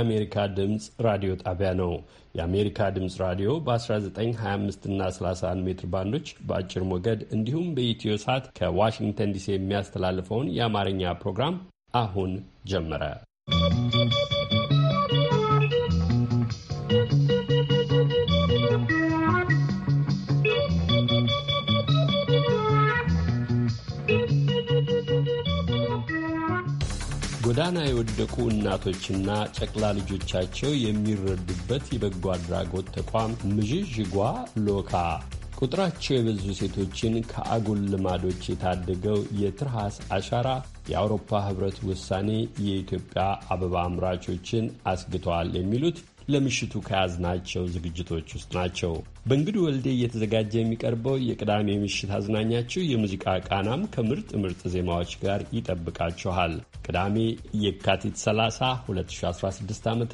የአሜሪካ ድምፅ ራዲዮ ጣቢያ ነው። የአሜሪካ ድምፅ ራዲዮ በ1925 እና 31 ሜትር ባንዶች በአጭር ሞገድ እንዲሁም በኢትዮ ሳት ከዋሽንግተን ዲሲ የሚያስተላልፈውን የአማርኛ ፕሮግራም አሁን ጀመረ። ጎዳና የወደቁ እናቶችና ጨቅላ ልጆቻቸው የሚረዱበት የበጎ አድራጎት ተቋም ምዥዥጓ ሎካ ቁጥራቸው የበዙ ሴቶችን ከአጉል ልማዶች የታደገው የትርሃስ አሻራ የአውሮፓ ሕብረት ውሳኔ የኢትዮጵያ አበባ አምራቾችን አስግተዋል የሚሉት ለምሽቱ ከያዝናቸው ዝግጅቶች ውስጥ ናቸው። በእንግዱ ወልዴ እየተዘጋጀ የሚቀርበው የቅዳሜ ምሽት አዝናኛችሁ የሙዚቃ ቃናም ከምርጥ ምርጥ ዜማዎች ጋር ይጠብቃችኋል። ቅዳሜ የካቲት 30 2016 ዓ ም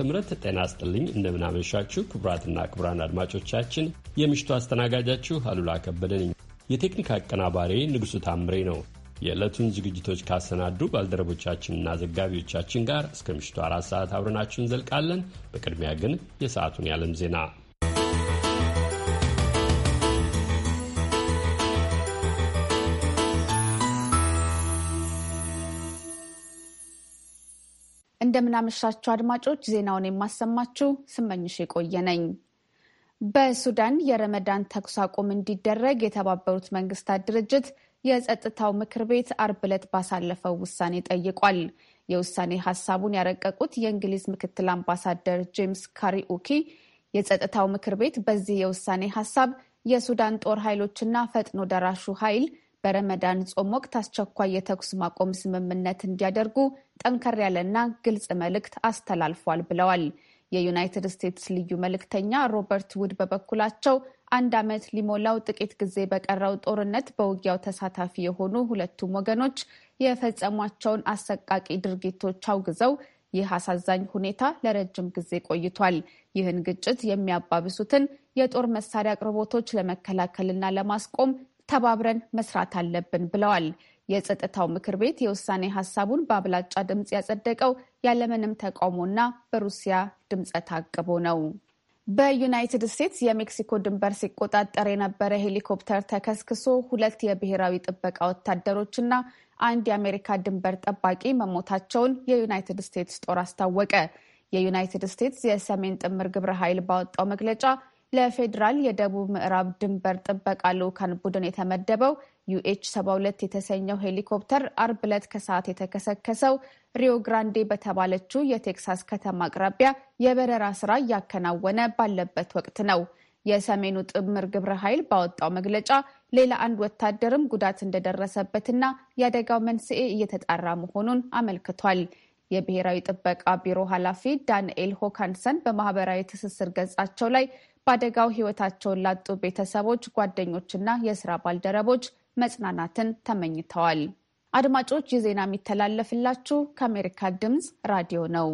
ጤና ስጥልኝ። እንደምናመሻችሁ ክቡራትና ክቡራን አድማጮቻችን የምሽቱ አስተናጋጃችሁ አሉላ ከበደ ነኝ። የቴክኒክ አቀናባሪ ንጉሡ ታምሬ ነው። የዕለቱን ዝግጅቶች ካሰናዱ ባልደረቦቻችንና ዘጋቢዎቻችን ጋር እስከ ምሽቱ አራት ሰዓት አብረናችሁ እንዘልቃለን። በቅድሚያ ግን የሰዓቱን የዓለም ዜና እንደምናመሻችሁ አድማጮች፣ ዜናውን የማሰማችሁ ስመኝሽ የቆየ ነኝ። በሱዳን የረመዳን ተኩስ አቁም እንዲደረግ የተባበሩት መንግስታት ድርጅት የጸጥታው ምክር ቤት አርብ ዕለት ባሳለፈው ውሳኔ ጠይቋል። የውሳኔ ሀሳቡን ያረቀቁት የእንግሊዝ ምክትል አምባሳደር ጄምስ ካሪኡኪ የጸጥታው ምክር ቤት በዚህ የውሳኔ ሀሳብ የሱዳን ጦር ኃይሎችና ፈጥኖ ደራሹ ኃይል በረመዳን ጾም ወቅት አስቸኳይ የተኩስ ማቆም ስምምነት እንዲያደርጉ ጠንከር ያለና ግልጽ መልእክት አስተላልፏል ብለዋል። የዩናይትድ ስቴትስ ልዩ መልእክተኛ ሮበርት ውድ በበኩላቸው አንድ ዓመት ሊሞላው ጥቂት ጊዜ በቀረው ጦርነት በውጊያው ተሳታፊ የሆኑ ሁለቱም ወገኖች የፈጸሟቸውን አሰቃቂ ድርጊቶች አውግዘው ይህ አሳዛኝ ሁኔታ ለረጅም ጊዜ ቆይቷል። ይህን ግጭት የሚያባብሱትን የጦር መሳሪያ አቅርቦቶች ለመከላከልና ለማስቆም ተባብረን መስራት አለብን ብለዋል። የጸጥታው ምክር ቤት የውሳኔ ሀሳቡን በአብላጫ ድምፅ ያጸደቀው ያለምንም ተቃውሞና በሩሲያ ድምፀ ታቅቦ ነው። በዩናይትድ ስቴትስ የሜክሲኮ ድንበር ሲቆጣጠር የነበረ ሄሊኮፕተር ተከስክሶ ሁለት የብሔራዊ ጥበቃ ወታደሮችና አንድ የአሜሪካ ድንበር ጠባቂ መሞታቸውን የዩናይትድ ስቴትስ ጦር አስታወቀ። የዩናይትድ ስቴትስ የሰሜን ጥምር ግብረ ኃይል ባወጣው መግለጫ ለፌዴራል የደቡብ ምዕራብ ድንበር ጥበቃ ልዑካን ቡድን የተመደበው ዩኤች 72 የተሰኘው ሄሊኮፕተር አርብ ዕለት ከሰዓት የተከሰከሰው ሪዮ ግራንዴ በተባለችው የቴክሳስ ከተማ አቅራቢያ የበረራ ስራ እያከናወነ ባለበት ወቅት ነው። የሰሜኑ ጥምር ግብረ ኃይል ባወጣው መግለጫ ሌላ አንድ ወታደርም ጉዳት እንደደረሰበትና የአደጋው መንስኤ እየተጣራ መሆኑን አመልክቷል። የብሔራዊ ጥበቃ ቢሮ ኃላፊ ዳንኤል ሆካንሰን በማህበራዊ ትስስር ገጻቸው ላይ በአደጋው ሕይወታቸውን ላጡ ቤተሰቦች፣ ጓደኞችና የስራ ባልደረቦች መጽናናትን ተመኝተዋል። አድማጮች ይህ ዜና የሚተላለፍላችሁ ከአሜሪካ ድምፅ ራዲዮ ነው።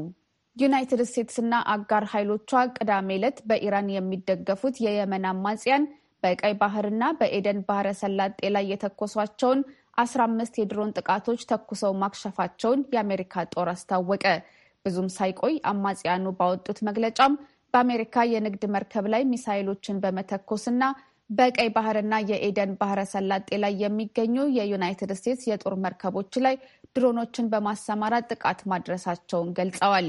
ዩናይትድ ስቴትስና አጋር ኃይሎቿ ቅዳሜ ዕለት በኢራን የሚደገፉት የየመን አማጽያን በቀይ ባህርና በኤደን ባህረ ሰላጤ ላይ የተኮሷቸውን አስራ አምስት የድሮን ጥቃቶች ተኩሰው ማክሸፋቸውን የአሜሪካ ጦር አስታወቀ። ብዙም ሳይቆይ አማጽያኑ ባወጡት መግለጫም በአሜሪካ የንግድ መርከብ ላይ ሚሳይሎችን በመተኮስና በቀይ ባህርና የኤደን ባህረ ሰላጤ ላይ የሚገኙ የዩናይትድ ስቴትስ የጦር መርከቦች ላይ ድሮኖችን በማሰማራት ጥቃት ማድረሳቸውን ገልጸዋል።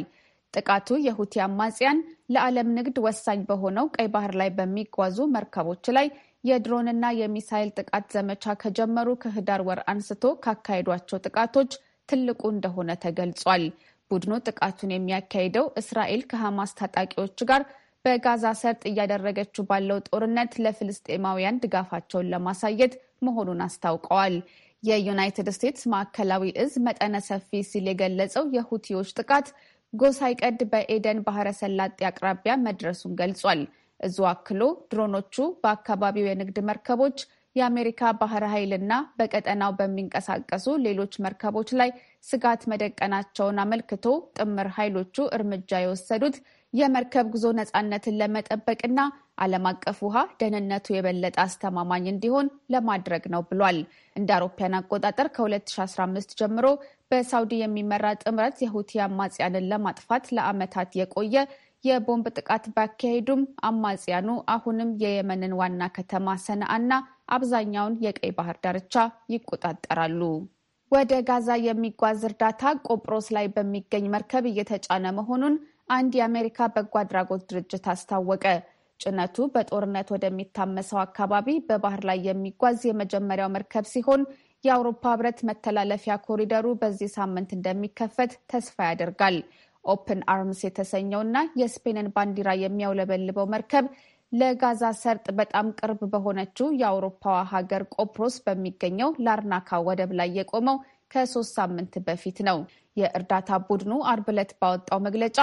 ጥቃቱ የሁቲ አማጽያን ለዓለም ንግድ ወሳኝ በሆነው ቀይ ባህር ላይ በሚጓዙ መርከቦች ላይ የድሮንና የሚሳይል ጥቃት ዘመቻ ከጀመሩ ከህዳር ወር አንስቶ ካካሄዷቸው ጥቃቶች ትልቁ እንደሆነ ተገልጿል። ቡድኑ ጥቃቱን የሚያካሂደው እስራኤል ከሐማስ ታጣቂዎች ጋር በጋዛ ሰርጥ እያደረገችው ባለው ጦርነት ለፍልስጤማውያን ድጋፋቸውን ለማሳየት መሆኑን አስታውቀዋል። የዩናይትድ ስቴትስ ማዕከላዊ እዝ መጠነ ሰፊ ሲል የገለጸው የሁቲዎች ጥቃት ጎህ ሳይቀድ በኤደን ባህረ ሰላጤ አቅራቢያ መድረሱን ገልጿል። እዙ አክሎ ድሮኖቹ በአካባቢው የንግድ መርከቦች፣ የአሜሪካ ባህር ኃይል እና በቀጠናው በሚንቀሳቀሱ ሌሎች መርከቦች ላይ ስጋት መደቀናቸውን አመልክቶ ጥምር ኃይሎቹ እርምጃ የወሰዱት የመርከብ ጉዞ ነፃነትን ለመጠበቅና ዓለም አቀፍ ውሃ ደህንነቱ የበለጠ አስተማማኝ እንዲሆን ለማድረግ ነው ብሏል። እንደ አውሮፓውያን አቆጣጠር ከ2015 ጀምሮ በሳውዲ የሚመራ ጥምረት የሁቲ አማጽያንን ለማጥፋት ለዓመታት የቆየ የቦምብ ጥቃት ባካሄዱም አማጽያኑ አሁንም የየመንን ዋና ከተማ ሰነአና አብዛኛውን የቀይ ባህር ዳርቻ ይቆጣጠራሉ። ወደ ጋዛ የሚጓዝ እርዳታ ቆጵሮስ ላይ በሚገኝ መርከብ እየተጫነ መሆኑን አንድ የአሜሪካ በጎ አድራጎት ድርጅት አስታወቀ። ጭነቱ በጦርነት ወደሚታመሰው አካባቢ በባህር ላይ የሚጓዝ የመጀመሪያው መርከብ ሲሆን የአውሮፓ ህብረት መተላለፊያ ኮሪደሩ በዚህ ሳምንት እንደሚከፈት ተስፋ ያደርጋል። ኦፕን አርምስ የተሰኘውና የስፔንን ባንዲራ የሚያውለበልበው መርከብ ለጋዛ ሰርጥ በጣም ቅርብ በሆነችው የአውሮፓዋ ሀገር ቆፕሮስ በሚገኘው ላርናካ ወደብ ላይ የቆመው ከሶስት ሳምንት በፊት ነው። የእርዳታ ቡድኑ አርብ ዕለት ባወጣው መግለጫ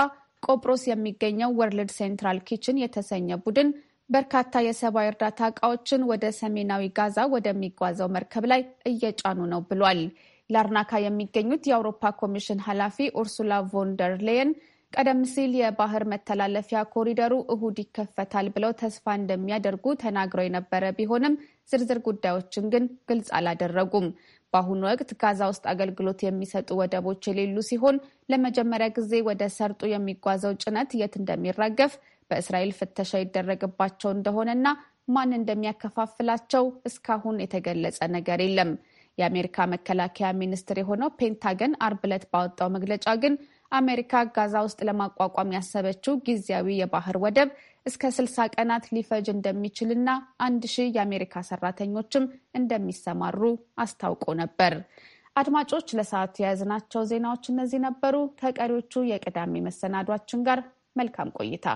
ቆጵሮስ የሚገኘው ወርልድ ሴንትራል ኪችን የተሰኘ ቡድን በርካታ የሰብአዊ እርዳታ እቃዎችን ወደ ሰሜናዊ ጋዛ ወደሚጓዘው መርከብ ላይ እየጫኑ ነው ብሏል። ላርናካ የሚገኙት የአውሮፓ ኮሚሽን ኃላፊ ኡርሱላ ቮንደር ሌየን ቀደም ሲል የባህር መተላለፊያ ኮሪደሩ እሁድ ይከፈታል ብለው ተስፋ እንደሚያደርጉ ተናግረው የነበረ ቢሆንም ዝርዝር ጉዳዮችን ግን ግልጽ አላደረጉም። በአሁኑ ወቅት ጋዛ ውስጥ አገልግሎት የሚሰጡ ወደቦች የሌሉ ሲሆን ለመጀመሪያ ጊዜ ወደ ሰርጡ የሚጓዘው ጭነት የት እንደሚራገፍ በእስራኤል ፍተሻ ይደረግባቸው እንደሆነና ማን እንደሚያከፋፍላቸው እስካሁን የተገለጸ ነገር የለም። የአሜሪካ መከላከያ ሚኒስትር የሆነው ፔንታገን አርብ ዕለት ባወጣው መግለጫ ግን አሜሪካ ጋዛ ውስጥ ለማቋቋም ያሰበችው ጊዜያዊ የባህር ወደብ እስከ 60 ቀናት ሊፈጅ እንደሚችልና አንድ ሺህ የአሜሪካ ሰራተኞችም እንደሚሰማሩ አስታውቆ ነበር። አድማጮች ለሰዓቱ የያዝናቸው ዜናዎች እነዚህ ነበሩ። ከቀሪዎቹ የቅዳሜ መሰናዷችን ጋር መልካም ቆይታ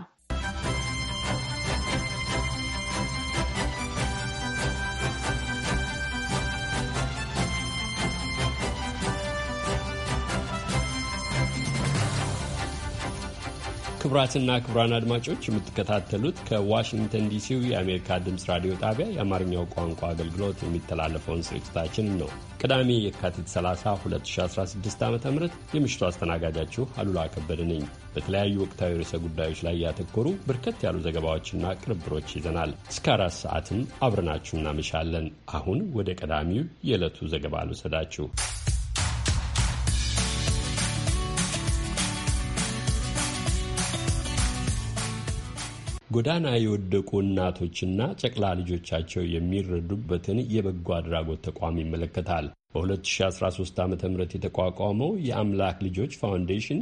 ክቡራትና ክቡራን አድማጮች የምትከታተሉት ከዋሽንግተን ዲሲው የአሜሪካ ድምፅ ራዲዮ ጣቢያ የአማርኛው ቋንቋ አገልግሎት የሚተላለፈውን ስርጭታችን ነው። ቅዳሜ የካቲት 30 2016 ዓ ም የምሽቱ አስተናጋጃችሁ አሉላ ከበደ ነኝ። በተለያዩ ወቅታዊ ርዕሰ ጉዳዮች ላይ ያተኮሩ በርከት ያሉ ዘገባዎችና ቅንብሮች ይዘናል። እስከ አራት ሰዓትም አብረናችሁ እናመሻለን። አሁን ወደ ቀዳሚው የዕለቱ ዘገባ አልወሰዳችሁ ጎዳና የወደቁ እናቶችና ጨቅላ ልጆቻቸው የሚረዱበትን የበጎ አድራጎት ተቋም ይመለከታል። በ2013 ዓ ም የተቋቋመው የአምላክ ልጆች ፋውንዴሽን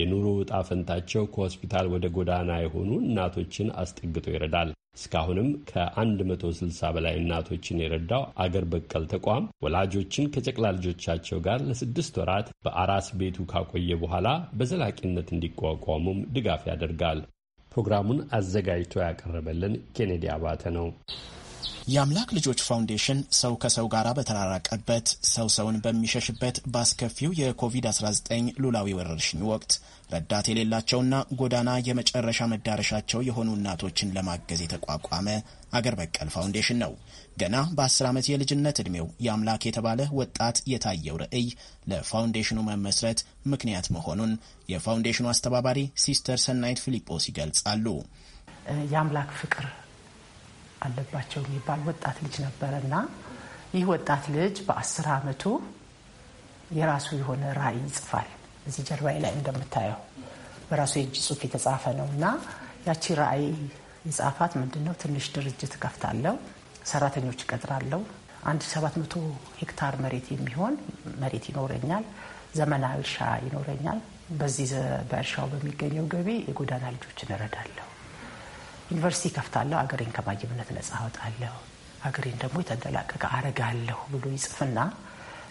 የኑሮ ዕጣ ፈንታቸው ከሆስፒታል ወደ ጎዳና የሆኑ እናቶችን አስጠግቶ ይረዳል። እስካሁንም ከ160 በላይ እናቶችን የረዳው አገር በቀል ተቋም ወላጆችን ከጨቅላ ልጆቻቸው ጋር ለስድስት ወራት በአራስ ቤቱ ካቆየ በኋላ በዘላቂነት እንዲቋቋሙም ድጋፍ ያደርጋል። ፕሮግራሙን አዘጋጅቶ ያቀረበልን ኬኔዲ አባተ ነው። የአምላክ ልጆች ፋውንዴሽን ሰው ከሰው ጋር በተራራቀበት ሰው ሰውን በሚሸሽበት በአስከፊው የኮቪድ-19 ሉላዊ ወረርሽኝ ወቅት ረዳት የሌላቸውና ጎዳና የመጨረሻ መዳረሻቸው የሆኑ እናቶችን ለማገዝ የተቋቋመ አገር በቀል ፋውንዴሽን ነው። ገና በአስር ዓመት የልጅነት ዕድሜው የአምላክ የተባለ ወጣት የታየው ርዕይ ለፋውንዴሽኑ መመስረት ምክንያት መሆኑን የፋውንዴሽኑ አስተባባሪ ሲስተር ሰናይት ፊሊጶስ ይገልጻሉ። የአምላክ ፍቅር አለባቸው የሚባል ወጣት ልጅ ነበረና ይህ ወጣት ልጅ በአስር ዓመቱ የራሱ የሆነ ራዕይ ይጽፋል። እዚህ ጀርባዬ ላይ እንደምታየው በራሱ የእጅ ጽሁፍ የተጻፈ ነው እና ያቺ ራእይ የጻፋት ምንድን ነው? ትንሽ ድርጅት እከፍታለሁ፣ ሰራተኞች እቀጥራለሁ፣ አንድ ሰባት መቶ ሄክታር መሬት የሚሆን መሬት ይኖረኛል፣ ዘመናዊ እርሻ ይኖረኛል። በዚህ በእርሻው በሚገኘው ገቢ የጎዳና ልጆችን እረዳለሁ፣ ዩኒቨርሲቲ ከፍታለሁ አገሬን ከማይምነት ነጻ አወጣለሁ፣ አገሬን ደግሞ የተንደላቀቀ አረጋለሁ ብሎ ይጽፍና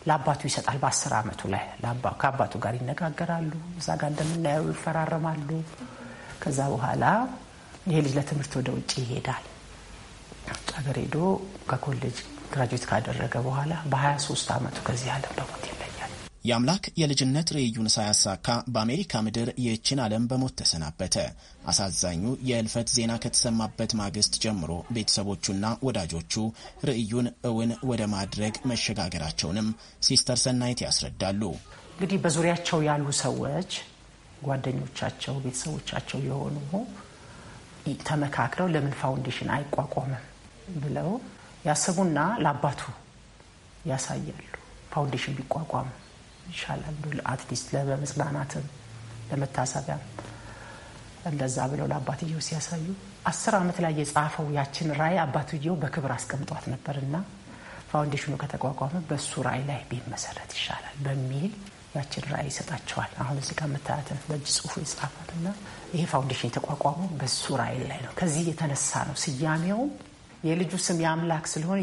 ለአባቱ ይሰጣል። በአስር አመቱ ላይ ከአባቱ ጋር ይነጋገራሉ። እዛ ጋር እንደምናየው ይፈራረማሉ። ከዛ በኋላ ይሄ ልጅ ለትምህርት ወደ ውጭ ይሄዳል። ሀገር ሄዶ ከኮሌጅ ግራጁዌት ካደረገ በኋላ በ23 አመቱ ከዚህ አለም በሞት የአምላክ የልጅነት ርዕዩን ሳያሳካ በአሜሪካ ምድር ይህችን ዓለም በሞት ተሰናበተ። አሳዛኙ የእልፈት ዜና ከተሰማበት ማግስት ጀምሮ ቤተሰቦቹና ወዳጆቹ ርዕዩን እውን ወደ ማድረግ መሸጋገራቸውንም ሲስተር ሰናይት ያስረዳሉ። እንግዲህ በዙሪያቸው ያሉ ሰዎች ጓደኞቻቸው፣ ቤተሰቦቻቸው የሆኑ ተመካክረው ለምን ፋውንዴሽን አይቋቋምም ብለው ያስቡና ለአባቱ ያሳያሉ ፋውንዴሽን ቢቋቋም ይሻላል ብሎ አትሊስት ለመጽናናትም ለመታሰቢያም እንደዛ ብለው ለአባትየው ሲያሳዩ አስር ዓመት ላይ የጻፈው ያችን ራእይ አባትየው በክብር አስቀምጧት ነበር እና ፋውንዴሽኑ ከተቋቋመ በሱ ራእይ ላይ ቢመሰረት ይሻላል በሚል ያችን ራእይ ይሰጣቸዋል። አሁን እዚህ ጋር የምታያትን በእጅ ጽሁፉ የጻፋት እና ይሄ ፋውንዴሽን የተቋቋመው በሱ ራእይ ላይ ነው። ከዚህ የተነሳ ነው ስያሜውም የልጁ ስም የአምላክ ስለሆነ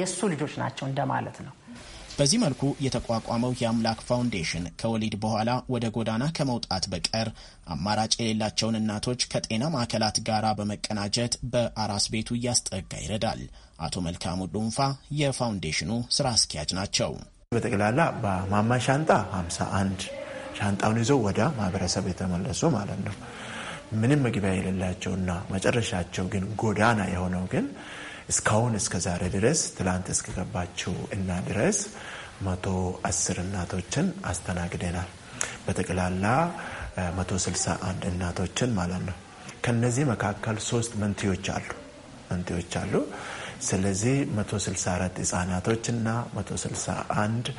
የእሱ ልጆች ናቸው እንደማለት ነው። በዚህ መልኩ የተቋቋመው የአምላክ ፋውንዴሽን ከወሊድ በኋላ ወደ ጎዳና ከመውጣት በቀር አማራጭ የሌላቸውን እናቶች ከጤና ማዕከላት ጋር በመቀናጀት በአራስ ቤቱ እያስጠጋ ይረዳል። አቶ መልካሙ ዱንፋ የፋውንዴሽኑ ስራ አስኪያጅ ናቸው። በጠቅላላ በማማ ሻንጣ 51 ሻንጣውን ይዘው ወደ ማህበረሰብ የተመለሱ ማለት ነው። ምንም መግቢያ የሌላቸውና መጨረሻቸው ግን ጎዳና የሆነው ግን እስካሁን እስከ ዛሬ ድረስ ትላንት እስከገባችው እና ድረስ መቶ አስር እናቶችን አስተናግደናል። በጠቅላላ መቶ ስልሳ አንድ እናቶችን ማለት ነው። ከነዚህ መካከል ሶስት መንትዮች አሉ መንትዮች አሉ። ስለዚህ 164 ህጻናቶችና 161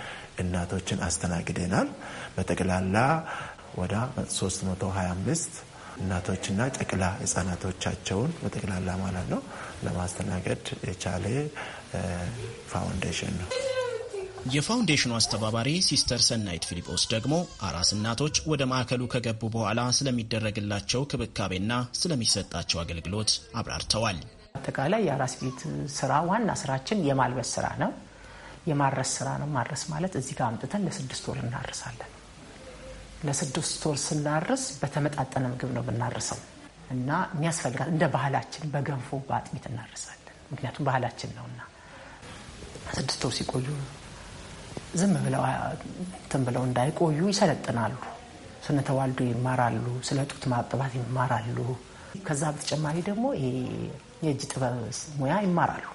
እናቶችን አስተናግደናል። በጠቅላላ ወደ 325 እናቶችና ጨቅላ ህጻናቶቻቸውን በጠቅላላ ማለት ነው ለማስተናገድ የቻለ ፋውንዴሽን ነው። የፋውንዴሽኑ አስተባባሪ ሲስተር ሰናይት ፊሊጶስ ደግሞ አራስ እናቶች ወደ ማዕከሉ ከገቡ በኋላ ስለሚደረግላቸው ክብካቤና ስለሚሰጣቸው አገልግሎት አብራርተዋል። አጠቃላይ የአራስ ቤት ስራ ዋና ስራችን የማልበስ ስራ ነው፣ የማድረስ ስራ ነው። ማድረስ ማለት እዚህ ጋር አምጥተን ለስድስት ወር እናርሳለን። ለስድስት ወር ስናርስ በተመጣጠነ ምግብ ነው ብናርሰው እና የሚያስፈልጋል እንደ ባህላችን በገንፎ በአጥሚት እናርሳለን። ምክንያቱም ባህላችን ነውና ስድስት ወር ሲቆዩ ዝም ብለው እንትን ብለው እንዳይቆዩ ይሰለጥናሉ። ስነ ተዋልዶ ይማራሉ። ስለ ጡት ማጥባት ይማራሉ። ከዛ በተጨማሪ ደግሞ የእጅ ጥበብ ሙያ ይማራሉ።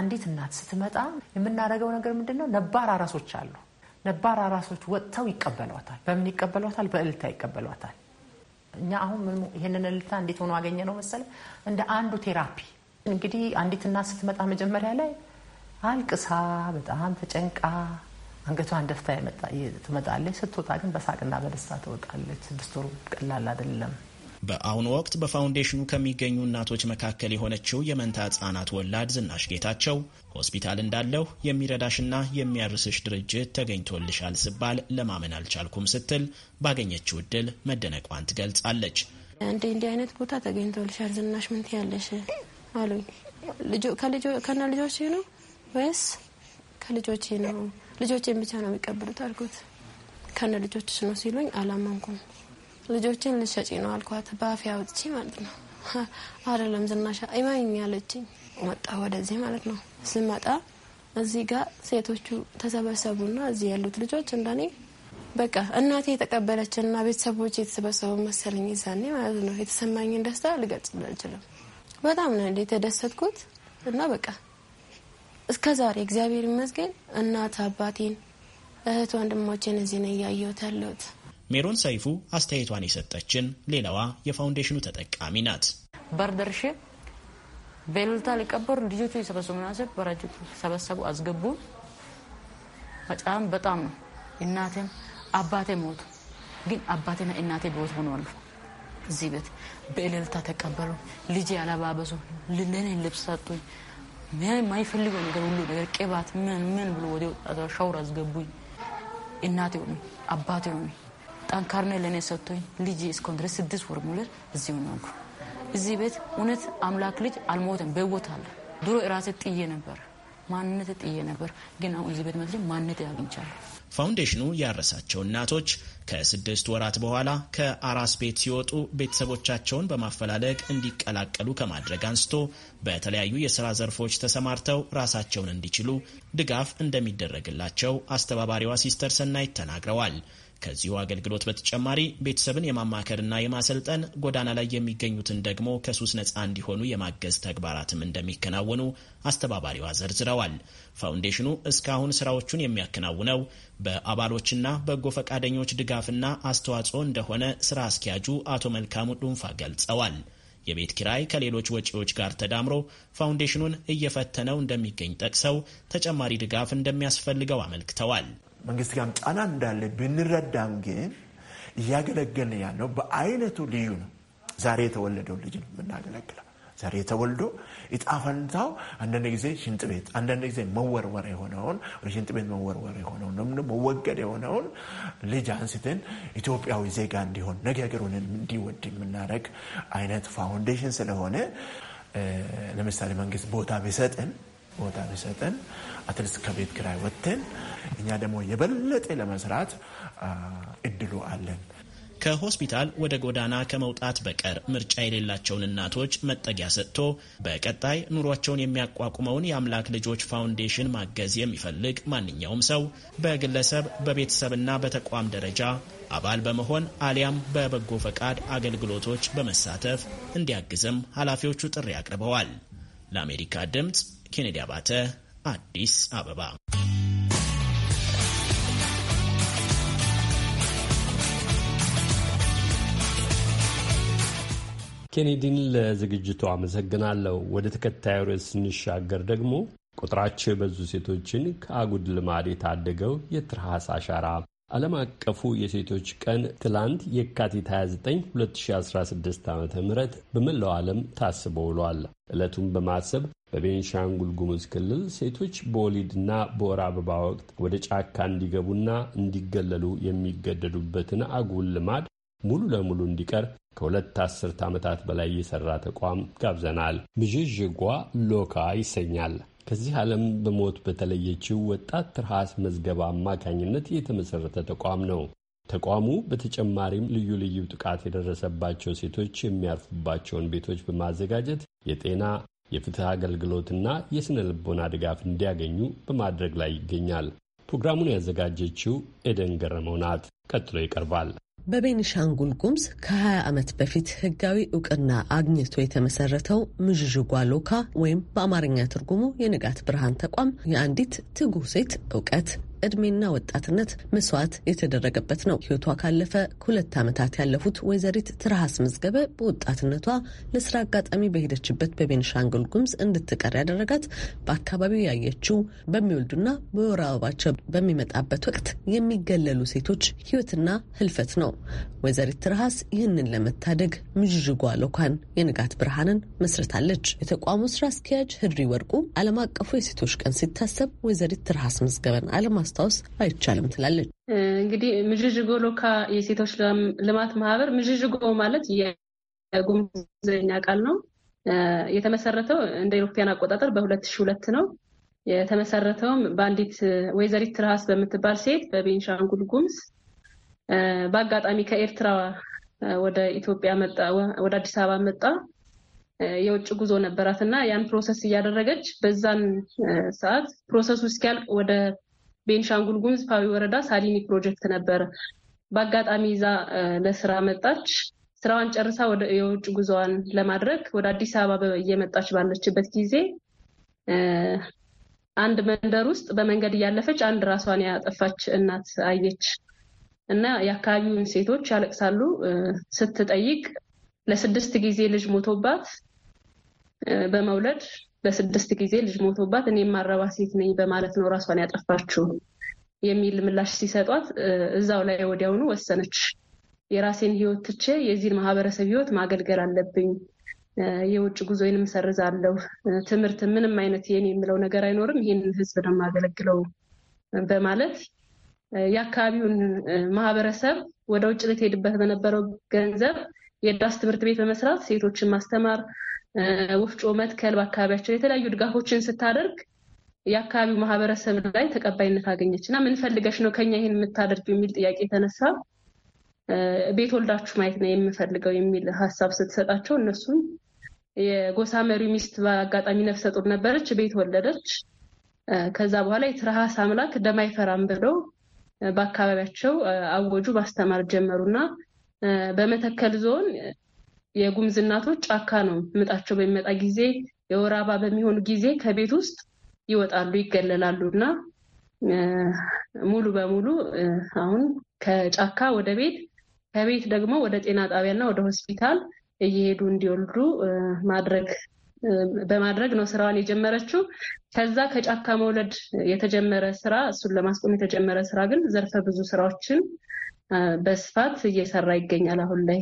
አንዲት እናት ስትመጣ የምናደርገው ነገር ምንድን ነው? ነባር አራሶች አሉ ነባር አራሶች ወጥተው ይቀበሏታል። በምን ይቀበሏታል? በእልልታ ይቀበሏታል። እኛ አሁን ይህንን እልልታ እንዴት ሆኖ አገኘ ነው መሰለ እንደ አንዱ ቴራፒ እንግዲህ አንዲት እናት ስትመጣ መጀመሪያ ላይ አልቅሳ በጣም ተጨንቃ አንገቷን ደፍታ ትመጣለች። ስትወጣ ግን በሳቅና በደስታ ትወጣለች። ስድስት ወሩ ቀላል አይደለም። በአሁኑ ወቅት በፋውንዴሽኑ ከሚገኙ እናቶች መካከል የሆነችው የመንታ ህጻናት ወላድ ዝናሽ ጌታቸው ሆስፒታል እንዳለው የሚረዳሽና የሚያርስሽ ድርጅት ተገኝቶልሻል ስባል ለማመን አልቻልኩም ስትል ባገኘችው እድል መደነቋን ትገልጻለች። እንዴ እንዲህ አይነት ቦታ ተገኝቶልሻል ዝናሽ ምንት ያለሽ አሉኝ። ከነ ልጆቼ ነው ወይስ ከልጆቼ ነው? ልጆቼን ብቻ ነው የሚቀብሉት አልኩት። ከነ ልጆችሽ ነው ሲሉኝ አላመንኩም። ልጆችን ልሸጪ ነው አልኳት፣ በአፌ አውጥቼ ማለት ነው። አይደለም ዝናሻ እመኝ ያለችኝ። መጣ ወደዚህ ማለት ነው። ስመጣ እዚህ ጋር ሴቶቹ ተሰበሰቡና እዚህ ያሉት ልጆች እንደኔ በቃ እናቴ የተቀበለችና ቤተሰቦች የተሰበሰቡ መሰለኝ ይዛኔ ማለት ነው። የተሰማኝን ደስታ ልገልጽ አልችልም። በጣም ነው እንዴት የተደሰትኩት እና በቃ እስከ ዛሬ እግዚአብሔር ይመስገን እናት አባቴን እህት ወንድሞቼን እዚህ ነው እያየሁት ያለሁት። ሜሮን ሰይፉ አስተያየቷን የሰጠችን ሌላዋ የፋውንዴሽኑ ተጠቃሚ ናት። በርደርሽ በሉልታ ሊቀበሩ ልጆቹ የሰበሰቡ ምናሰብ በራጅ ሰበሰቡ አስገቡ። በጣም በጣም ነው። እናቴም አባቴ ሞቱ፣ ግን አባቴና እናቴ በወት ሆኖ አሉ። እዚህ ቤት በእልልታ ተቀበሉ። ልጅ ያለባበሱ ለኔ ልብስ ሰጡኝ። የማይፈልገው ነገር ሁሉ ነገር ቅባት ምን ምን ብሎ ወደ ሻውር አስገቡኝ። እናቴ ሆኑ አባቴ ሆኑኝ ጠንካር ነው ለእኔ ሰጥቶኝ ልጅ እስኮን ድረስ ስድስት ወር ሙሉ እዚሁ ነው። እዚህ ቤት እውነት አምላክ ልጅ አልሞተም፣ በሕይወት አለ። ድሮ ራሴ ጥዬ ነበር፣ ማንነት ጥዬ ነበር። ግን አሁን እዚህ ቤት መጥቼ ማንነት አግኝቻለሁ። ፋውንዴሽኑ ያረሳቸው እናቶች ከስድስት ወራት በኋላ ከአራስ ቤት ሲወጡ ቤተሰቦቻቸውን በማፈላለግ እንዲቀላቀሉ ከማድረግ አንስቶ በተለያዩ የሥራ ዘርፎች ተሰማርተው ራሳቸውን እንዲችሉ ድጋፍ እንደሚደረግላቸው አስተባባሪዋ ሲስተር ሰናይት ተናግረዋል። ከዚሁ አገልግሎት በተጨማሪ ቤተሰብን የማማከርና የማሰልጠን ጎዳና ላይ የሚገኙትን ደግሞ ከሱስ ነፃ እንዲሆኑ የማገዝ ተግባራትም እንደሚከናወኑ አስተባባሪዋ ዘርዝረዋል። ፋውንዴሽኑ እስካሁን ስራዎቹን የሚያከናውነው በአባሎችና በጎ ፈቃደኞች ድጋፍና አስተዋጽኦ እንደሆነ ስራ አስኪያጁ አቶ መልካሙ ዱንፋ ገልጸዋል። የቤት ኪራይ ከሌሎች ወጪዎች ጋር ተዳምሮ ፋውንዴሽኑን እየፈተነው እንደሚገኝ ጠቅሰው ተጨማሪ ድጋፍ እንደሚያስፈልገው አመልክተዋል። መንግስት ጋርም ጫና እንዳለ ብንረዳም ግን እያገለገልን ያለው በአይነቱ ልዩ ነው። ዛሬ የተወለደው ልጅ ነው የምናገለግለው። ዛሬ የተወልዶ ይጣፈንታው አንዳንድ ጊዜ ሽንጥ ቤት፣ አንዳንድ ጊዜ መወርወር የሆነውን ወደ ሽንጥ ቤት መወርወር የሆነውን መወገድ የሆነውን ልጅ አንስትን ኢትዮጵያዊ ዜጋ እንዲሆን ነገ ሀገሩን እንዲወድ የምናደርግ አይነት ፋውንዴሽን ስለሆነ ለምሳሌ መንግስት ቦታ ቢሰጥን ቦታ ቢሰጥን አትሊስት ከቤት ኪራይ ወጥተን እኛ ደግሞ የበለጠ ለመስራት እድሉ አለን። ከሆስፒታል ወደ ጎዳና ከመውጣት በቀር ምርጫ የሌላቸውን እናቶች መጠጊያ ሰጥቶ በቀጣይ ኑሯቸውን የሚያቋቁመውን የአምላክ ልጆች ፋውንዴሽን ማገዝ የሚፈልግ ማንኛውም ሰው በግለሰብ በቤተሰብና በተቋም ደረጃ አባል በመሆን አሊያም በበጎ ፈቃድ አገልግሎቶች በመሳተፍ እንዲያግዝም ኃላፊዎቹ ጥሪ አቅርበዋል። ለአሜሪካ ድምፅ ኬኔዲ አባተ አዲስ አበባ። ኬኔዲን ለዝግጅቱ አመሰግናለሁ። ወደ ተከታዩ ርዕስ ስንሻገር ደግሞ ቁጥራቸው የበዙ ሴቶችን ከአጉድ ልማድ የታደገው የትርሃስ አሻራ ዓለም አቀፉ የሴቶች ቀን ትላንት የካቲት 29 2016 ዓ ም በመላው ዓለም ታስቦ ውሏል። ዕለቱን በማሰብ በቤንሻንጉል ጉሙዝ ክልል ሴቶች በወሊድና በወር አበባ ወቅት ወደ ጫካ እንዲገቡና እንዲገለሉ የሚገደዱበትን አጉል ልማድ ሙሉ ለሙሉ እንዲቀር ከሁለት አስርት ዓመታት በላይ የሠራ ተቋም ጋብዘናል። ምዥዥጓ ሎካ ይሰኛል። ከዚህ ዓለም በሞት በተለየችው ወጣት ትርሃስ መዝገባ አማካኝነት የተመሠረተ ተቋም ነው። ተቋሙ በተጨማሪም ልዩ ልዩ ጥቃት የደረሰባቸው ሴቶች የሚያርፉባቸውን ቤቶች በማዘጋጀት የጤና የፍትህ አገልግሎትና የሥነ ልቦና ድጋፍ እንዲያገኙ በማድረግ ላይ ይገኛል። ፕሮግራሙን ያዘጋጀችው ኤደን ገረመው ናት። ቀጥሎ ይቀርባል። በቤኒሻንጉል ጉምዝ ከ20 ዓመት በፊት ህጋዊ እውቅና አግኝቶ የተመሰረተው ምዥዥጓ ሎካ ወይም በአማርኛ ትርጉሙ የንጋት ብርሃን ተቋም የአንዲት ትጉህ ሴት እውቀት እድሜና ወጣትነት መስዋዕት የተደረገበት ነው። ህይወቷ ካለፈ ሁለት ዓመታት ያለፉት ወይዘሪት ትርሃስ መዝገበ በወጣትነቷ ለስራ አጋጣሚ በሄደችበት በቤንሻንጉል ጉምዝ እንድትቀር ያደረጋት በአካባቢው ያየችው በሚወልዱና በወር አበባቸው በሚመጣበት ወቅት የሚገለሉ ሴቶች ህይወትና ህልፈት ነው። ወይዘሪት ትርሃስ ይህንን ለመታደግ ምዥጓ ለኳን የንጋት ብርሃንን መስርታለች። የተቋሙ ስራ አስኪያጅ ህድሪ ወርቁ ዓለም አቀፉ የሴቶች ቀን ሲታሰብ ወይዘሪት ትርሃስ መዝገበን አለማ ማስታወስ አይቻልም ትላለች። እንግዲህ ምዥዥጎ ሎካ የሴቶች ልማት ማህበር ምዥዥጎ ማለት የጉምዘኛ ቃል ነው። የተመሰረተው እንደ ኢሮፕያን አቆጣጠር በሁለት ሺህ ሁለት ነው። የተመሰረተውም በአንዲት ወይዘሪት ትርሃስ በምትባል ሴት በቤንሻንጉል ጉምዝ በአጋጣሚ ከኤርትራ ወደ ኢትዮጵያ መጣ፣ ወደ አዲስ አበባ መጣ። የውጭ ጉዞ ነበራት እና ያን ፕሮሰስ እያደረገች በዛን ሰዓት ፕሮሰሱ እስኪያልቅ ወደ ቤንሻንጉል ጉሙዝ ፓዊ ወረዳ ሳሊኒ ፕሮጀክት ነበረ። በአጋጣሚ ይዛ ለስራ መጣች። ስራዋን ጨርሳ ወደ የውጭ ጉዞዋን ለማድረግ ወደ አዲስ አበባ እየመጣች ባለችበት ጊዜ አንድ መንደር ውስጥ በመንገድ እያለፈች አንድ ራሷን ያጠፋች እናት አየች እና የአካባቢውን ሴቶች ያለቅሳሉ። ስትጠይቅ ለስድስት ጊዜ ልጅ ሞቶባት በመውለድ ለስድስት ጊዜ ልጅ ሞቶባት እኔ የማረባ ሴት ነኝ በማለት ነው ራሷን ያጠፋችው የሚል ምላሽ ሲሰጧት እዛው ላይ ወዲያውኑ ወሰነች። የራሴን ህይወት ትቼ የዚህን ማህበረሰብ ህይወት ማገልገል አለብኝ፣ የውጭ ጉዞዬንም ሰርዛለሁ፣ ትምህርት ምንም አይነት የኔ የምለው ነገር አይኖርም፣ ይህንን ህዝብ ነው የማገለግለው በማለት የአካባቢውን ማህበረሰብ ወደ ውጭ ልትሄድበት በነበረው ገንዘብ የዳስ ትምህርት ቤት በመስራት ሴቶችን ማስተማር ወፍጮ መትከል፣ በአካባቢያቸው የተለያዩ ድጋፎችን ስታደርግ የአካባቢው ማህበረሰብ ላይ ተቀባይነት አገኘች እና ምን ፈልገሽ ነው ከኛ ይህን የምታደርግ የሚል ጥያቄ የተነሳ ቤት ወልዳችሁ ማየት ነው የምፈልገው የሚል ሀሳብ ስትሰጣቸው እነሱም የጎሳ መሪ ሚስት በአጋጣሚ ነፍሰ ጡር ነበረች፣ ቤት ወለደች። ከዛ በኋላ የትርሃስ አምላክ ደም አይፈራም ብለው በአካባቢያቸው አወጁ። ማስተማር ጀመሩና በመተከል ዞን የጉምዝ እናቶች ጫካ ነው ምጣቸው በሚመጣ ጊዜ የወር አበባ በሚሆኑ ጊዜ ከቤት ውስጥ ይወጣሉ፣ ይገለላሉ እና ሙሉ በሙሉ አሁን ከጫካ ወደ ቤት ከቤት ደግሞ ወደ ጤና ጣቢያና ወደ ሆስፒታል እየሄዱ እንዲወልዱ ማድረግ በማድረግ ነው ስራዋን የጀመረችው። ከዛ ከጫካ መውለድ የተጀመረ ስራ እሱን ለማስቆም የተጀመረ ስራ ግን ዘርፈ ብዙ ስራዎችን በስፋት እየሰራ ይገኛል አሁን ላይ።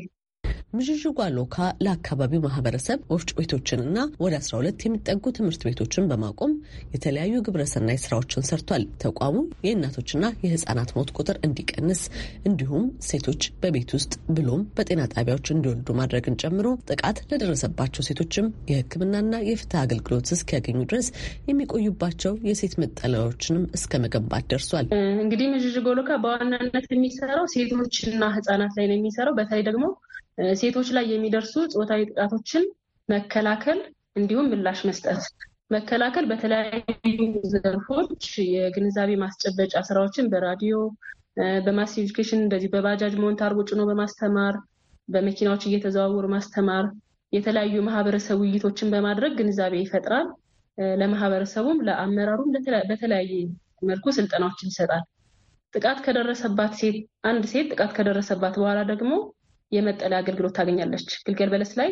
ምዥዥጓ ሎካ ለአካባቢው ማህበረሰብ ወፍጭ ቤቶችንና ወደ 12 የሚጠጉ ትምህርት ቤቶችን በማቆም የተለያዩ ግብረሰናይ ስራዎችን ሰርቷል። ተቋሙ የእናቶችና የህጻናት ሞት ቁጥር እንዲቀንስ እንዲሁም ሴቶች በቤት ውስጥ ብሎም በጤና ጣቢያዎች እንዲወልዱ ማድረግን ጨምሮ ጥቃት ለደረሰባቸው ሴቶችም የህክምናና የፍትህ አገልግሎት እስኪያገኙ ድረስ የሚቆዩባቸው የሴት መጠለያዎችንም እስከ መገንባት ደርሷል። እንግዲህ ምዥዥጎ ሎካ በዋናነት የሚሰራው ሴቶችና ህጻናት ላይ ነው የሚሰራው በተለይ ደግሞ ሴቶች ላይ የሚደርሱ ጾታዊ ጥቃቶችን መከላከል እንዲሁም ምላሽ መስጠት መከላከል በተለያዩ ዘርፎች የግንዛቤ ማስጨበጫ ስራዎችን በራዲዮ በማስ ኤጁኬሽን እንደዚህ በባጃጅ ሞንታርቦ ጭኖ በማስተማር በመኪናዎች እየተዘዋወሩ ማስተማር የተለያዩ ማህበረሰብ ውይይቶችን በማድረግ ግንዛቤ ይፈጥራል። ለማህበረሰቡም ለአመራሩም በተለያየ መልኩ ስልጠናዎችን ይሰጣል። ጥቃት ከደረሰባት ሴት አንድ ሴት ጥቃት ከደረሰባት በኋላ ደግሞ የመጠለያ አገልግሎት ታገኛለች። ግልገል በለስ ላይ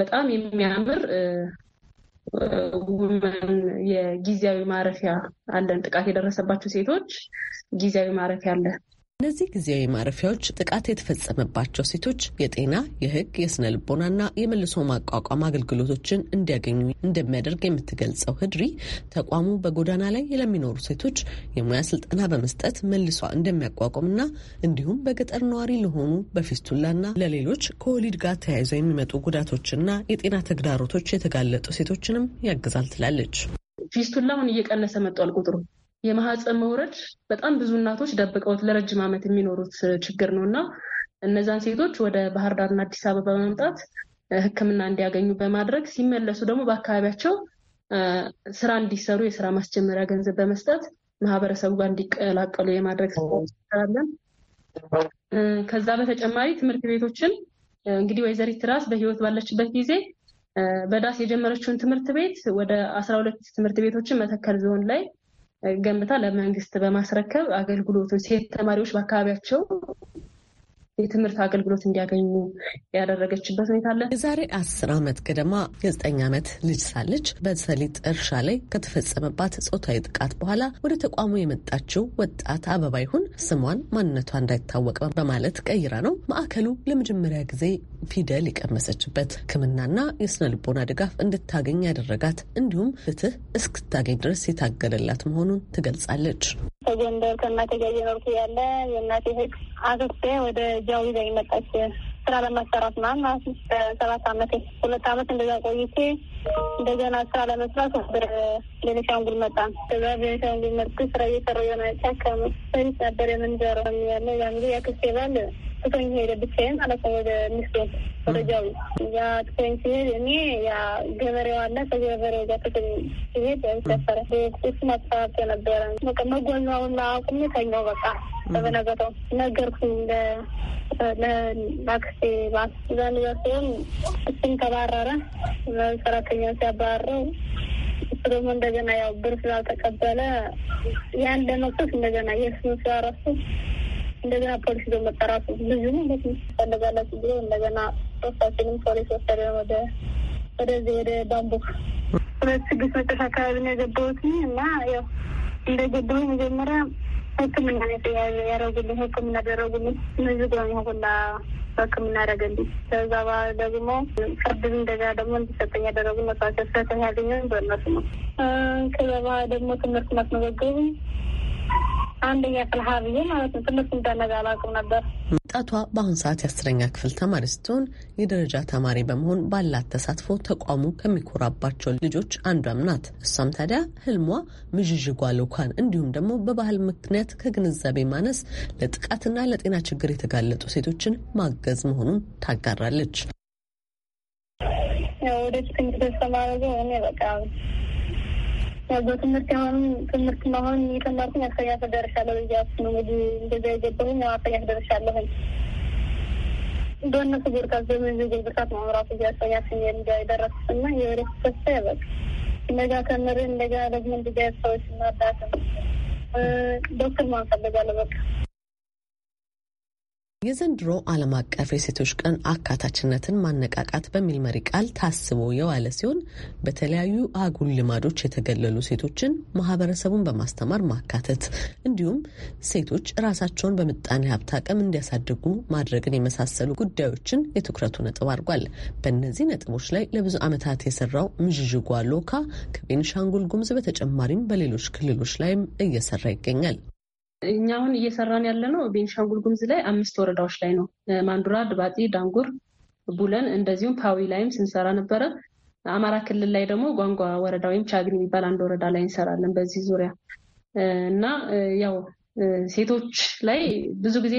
በጣም የሚያምር ውመን የጊዜያዊ ማረፊያ አለን። ጥቃት የደረሰባቸው ሴቶች ጊዜያዊ ማረፊያ አለን። እነዚህ ጊዜያዊ ማረፊያዎች ጥቃት የተፈጸመባቸው ሴቶች የጤና፣ የሕግ፣ የስነ ልቦናና የመልሶ ማቋቋም አገልግሎቶችን እንዲያገኙ እንደሚያደርግ የምትገልጸው ህድሪ ተቋሙ በጎዳና ላይ ለሚኖሩ ሴቶች የሙያ ስልጠና በመስጠት መልሷ እንደሚያቋቁምና እንዲሁም በገጠር ነዋሪ ለሆኑ በፊስቱላና ለሌሎች ከወሊድ ጋር ተያይዘው የሚመጡ ጉዳቶችና የጤና ተግዳሮቶች የተጋለጡ ሴቶችንም ያግዛል ትላለች። ፊስቱላውን እየቀነሰ መጥቷል ቁጥሩ የማህፀን መውረድ በጣም ብዙ እናቶች ደብቀውት ለረጅም ዓመት የሚኖሩት ችግር ነው እና እነዛን ሴቶች ወደ ባህር ዳርና አዲስ አበባ በመምጣት ሕክምና እንዲያገኙ በማድረግ ሲመለሱ ደግሞ በአካባቢያቸው ስራ እንዲሰሩ የስራ ማስጀመሪያ ገንዘብ በመስጠት ማህበረሰቡ ጋር እንዲቀላቀሉ የማድረግ ስራለን። ከዛ በተጨማሪ ትምህርት ቤቶችን እንግዲህ ወይዘሪት ራስ በህይወት ባለችበት ጊዜ በዳስ የጀመረችውን ትምህርት ቤት ወደ አስራ ሁለት ትምህርት ቤቶችን መተከል ዞን ላይ ገንብታ ለመንግስት በማስረከብ አገልግሎቱን ሴት ተማሪዎች በአካባቢያቸው የትምህርት አገልግሎት እንዲያገኙ ያደረገችበት ሁኔታ አለ። የዛሬ አስር ዓመት ገደማ የዘጠኝ ዓመት ልጅ ሳለች በሰሊጥ እርሻ ላይ ከተፈጸመባት ጾታዊ ጥቃት በኋላ ወደ ተቋሙ የመጣችው ወጣት አበባ ይሁን ስሟን ማንነቷ እንዳይታወቅ በማለት ቀይራ ነው ማዕከሉ ለመጀመሪያ ጊዜ ፊደል የቀመሰችበት ሕክምናና የስነ ልቦና ድጋፍ እንድታገኝ ያደረጋት እንዲሁም ፍትህ እስክታገኝ ድረስ የታገለላት መሆኑን ትገልጻለች። ከጎንደር ከእናቴ ጋር እየኖርኩ ያለ የእናቴ ህግ አስቴ ወደ ጃዊ ላይ መጣች። ስራ ለማሰራት ማ ሰባት አመት ሁለት አመት እንደዛ ቆይቼ እንደገና ስራ ለመስራት ወደ ቤኒሻንጉል መጣ። ከዛ ቤኒሻንጉል መጥቼ ስራ እየሰራ የሆነ ቻካ ነበር የምንጀረው ያለ ያን ጊዜ ያክስቴ ባል ትቶኝ ሄደ ብቻዬን ማለት ነው። ወደ ሚስቶ ወደጃዊ ያ ትቶኝ ሲሄድ እኔ ያ ገበሬው አለ ከገበሬው ጋር ትቶኝ ሲሄድ ሰፈረ ቁስ ማጥፋት ነበረ በቃ መጎኛውን አቁሜ ተኛው በቃ በበነገተው ነገርኩኝ ለአክስቴ ባል እዛ ንዛ ሲሆን ተባረረ ሰራተኛ ሲያባረው እሱ ደግሞ እንደገና ያው ብር ስላልተቀበለ ያን ለመክሰስ እንደገና የእሱን ስራ እንደገና ፖሊስ ይዞ መጣ። ራሱ ልዩ ማለት ትፈልጋላችሁ ብሎ እንደገና ሶስታችንም ፖሊስ ወሰደ ወደ ወደዚህ ወደ ባምቡክ ሁለት ስድስት መጨረሻ አካባቢ ነው የገባሁት እና ያው እንደ እንደገባሁ መጀመሪያ ሕክምና ያደረጉልኝ ሕክምና ደረጉልኝ እነዚህ ደግሞ ሁላ ሕክምና ያደረገልኝ። ከዛ በኋላ ደግሞ ፍርድ እንደዛ ደግሞ እንዲሰጠኝ ያደረጉ መስዋዕት ያስከተል ያገኘ በእነሱ ነው። ከዛ በኋላ ደግሞ ትምህርት ማስመዘገቡ አንደኛ ጥልሀ ማለት ነው። ትምህርት እንዳነጋ አላውቅም ነበር። ወጣቷ በአሁን ሰዓት የአስረኛ ክፍል ተማሪ ስትሆን የደረጃ ተማሪ በመሆን ባላት ተሳትፎ ተቋሙ ከሚኮራባቸው ልጆች አንዷም ናት። እሷም ታዲያ ህልሟ ምዥዥጓ ልኳን እንዲሁም ደግሞ በባህል ምክንያት ከግንዛቤ ማነስ ለጥቃትና ለጤና ችግር የተጋለጡ ሴቶችን ማገዝ መሆኑን ታጋራለች። ወደፊት እንግዲህ ተማረ በቃ በትምህርት ሆኑ ትምህርት መሆን የተማርኩኝ አስረኛ ክፍል ደርሻለሁ። ነው እንግዲህ እንደዛ የገባሁኝ አስረኛ ክፍል ደርሻለሁኝ። በእነሱ ጎርታት ዜ ጎርታት ነው ራሱ አስረኛ እንዲያ የደረስኩት እና የወደፊት ተስፋ ያበቅ እንደጋ ከምር እንደጋ ደግሞ እንደዚያ ሰዎች መርዳት ዶክተር መሆን በቃ የዘንድሮ ዓለም አቀፍ የሴቶች ቀን አካታችነትን ማነቃቃት በሚል መሪ ቃል ታስቦ የዋለ ሲሆን በተለያዩ አጉል ልማዶች የተገለሉ ሴቶችን ማህበረሰቡን በማስተማር ማካተት እንዲሁም ሴቶች ራሳቸውን በምጣኔ ሀብት አቅም እንዲያሳድጉ ማድረግን የመሳሰሉ ጉዳዮችን የትኩረቱ ነጥብ አድርጓል። በእነዚህ ነጥቦች ላይ ለብዙ ዓመታት የሰራው ምዥዥጓ ሎካ ከቤንሻንጉል ጉምዝ በተጨማሪም በሌሎች ክልሎች ላይም እየሰራ ይገኛል። እኛ አሁን እየሰራን ያለ ነው ቤንሻንጉል ጉምዝ ላይ አምስት ወረዳዎች ላይ ነው። ማንዱራ፣ ድባጢ፣ ዳንጉር፣ ቡለን እንደዚሁም ፓዊ ላይም ስንሰራ ነበረ። አማራ ክልል ላይ ደግሞ ጓንጓ ወረዳ ወይም ቻግኒ የሚባል አንድ ወረዳ ላይ እንሰራለን በዚህ ዙሪያ እና ያው ሴቶች ላይ ብዙ ጊዜ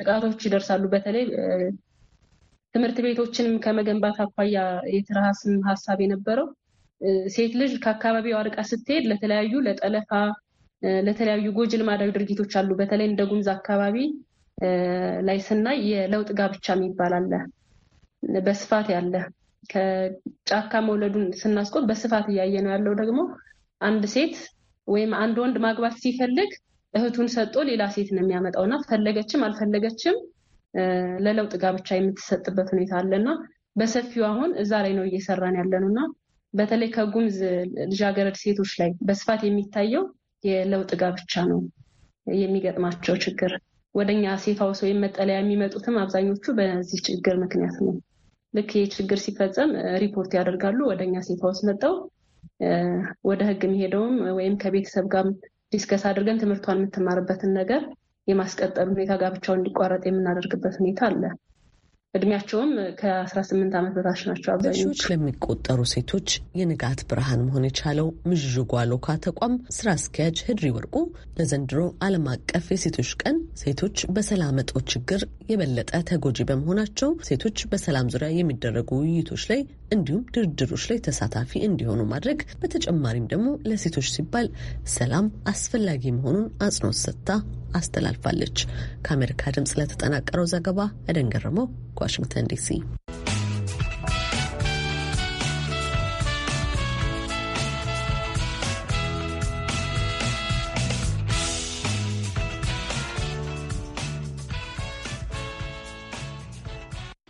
ጥቃቶች ይደርሳሉ። በተለይ ትምህርት ቤቶችንም ከመገንባት አኳያ የትርሃስም ሀሳብ የነበረው ሴት ልጅ ከአካባቢው አርቃ ስትሄድ ለተለያዩ ለጠለፋ ለተለያዩ ጎጂ ልማዳዊ ድርጊቶች አሉ። በተለይ እንደ ጉምዝ አካባቢ ላይ ስናይ የለውጥ ጋብቻ የሚባል አለ በስፋት ያለ ከጫካ መውለዱን ስናስቆጥ በስፋት እያየ ነው ያለው። ደግሞ አንድ ሴት ወይም አንድ ወንድ ማግባት ሲፈልግ እህቱን ሰጥቶ ሌላ ሴት ነው የሚያመጣው እና ፈለገችም አልፈለገችም ለለውጥ ጋብቻ የምትሰጥበት ሁኔታ አለ እና በሰፊው አሁን እዛ ላይ ነው እየሰራን ያለ ነው እና በተለይ ከጉምዝ ልጃገረድ ሴቶች ላይ በስፋት የሚታየው የለውጥ ጋብቻ ነው የሚገጥማቸው ችግር። ወደኛ ሴፋውስ ወይም መጠለያ የሚመጡትም አብዛኞቹ በዚህ ችግር ምክንያት ነው። ልክ ይህ ችግር ሲፈጸም ሪፖርት ያደርጋሉ። ወደኛ ሴፋውስ መጠው ወደ ህግ የሚሄደውም ወይም ከቤተሰብ ጋር ዲስከስ አድርገን ትምህርቷን የምትማርበትን ነገር የማስቀጠል ሁኔታ ጋብቻውን እንዲቋረጥ የምናደርግበት ሁኔታ አለ። እድሜያቸውም ከ18 ዓመት በታች ናቸው። አብዛኞቹ ለሚቆጠሩ ሴቶች የንጋት ብርሃን መሆን የቻለው ምዥጓ ሎካ ተቋም ስራ አስኪያጅ ህድሪ ወርቁ ለዘንድሮ ዓለም አቀፍ የሴቶች ቀን ሴቶች በሰላም እጦት ችግር የበለጠ ተጎጂ በመሆናቸው ሴቶች በሰላም ዙሪያ የሚደረጉ ውይይቶች ላይ እንዲሁም ድርድሮች ላይ ተሳታፊ እንዲሆኑ ማድረግ፣ በተጨማሪም ደግሞ ለሴቶች ሲባል ሰላም አስፈላጊ መሆኑን አጽንኦት ሰጥታ አስተላልፋለች። ከአሜሪካ ድምፅ ለተጠናቀረው ዘገባ ኤደን ገረመው ከዋሽንግተን ዲሲ።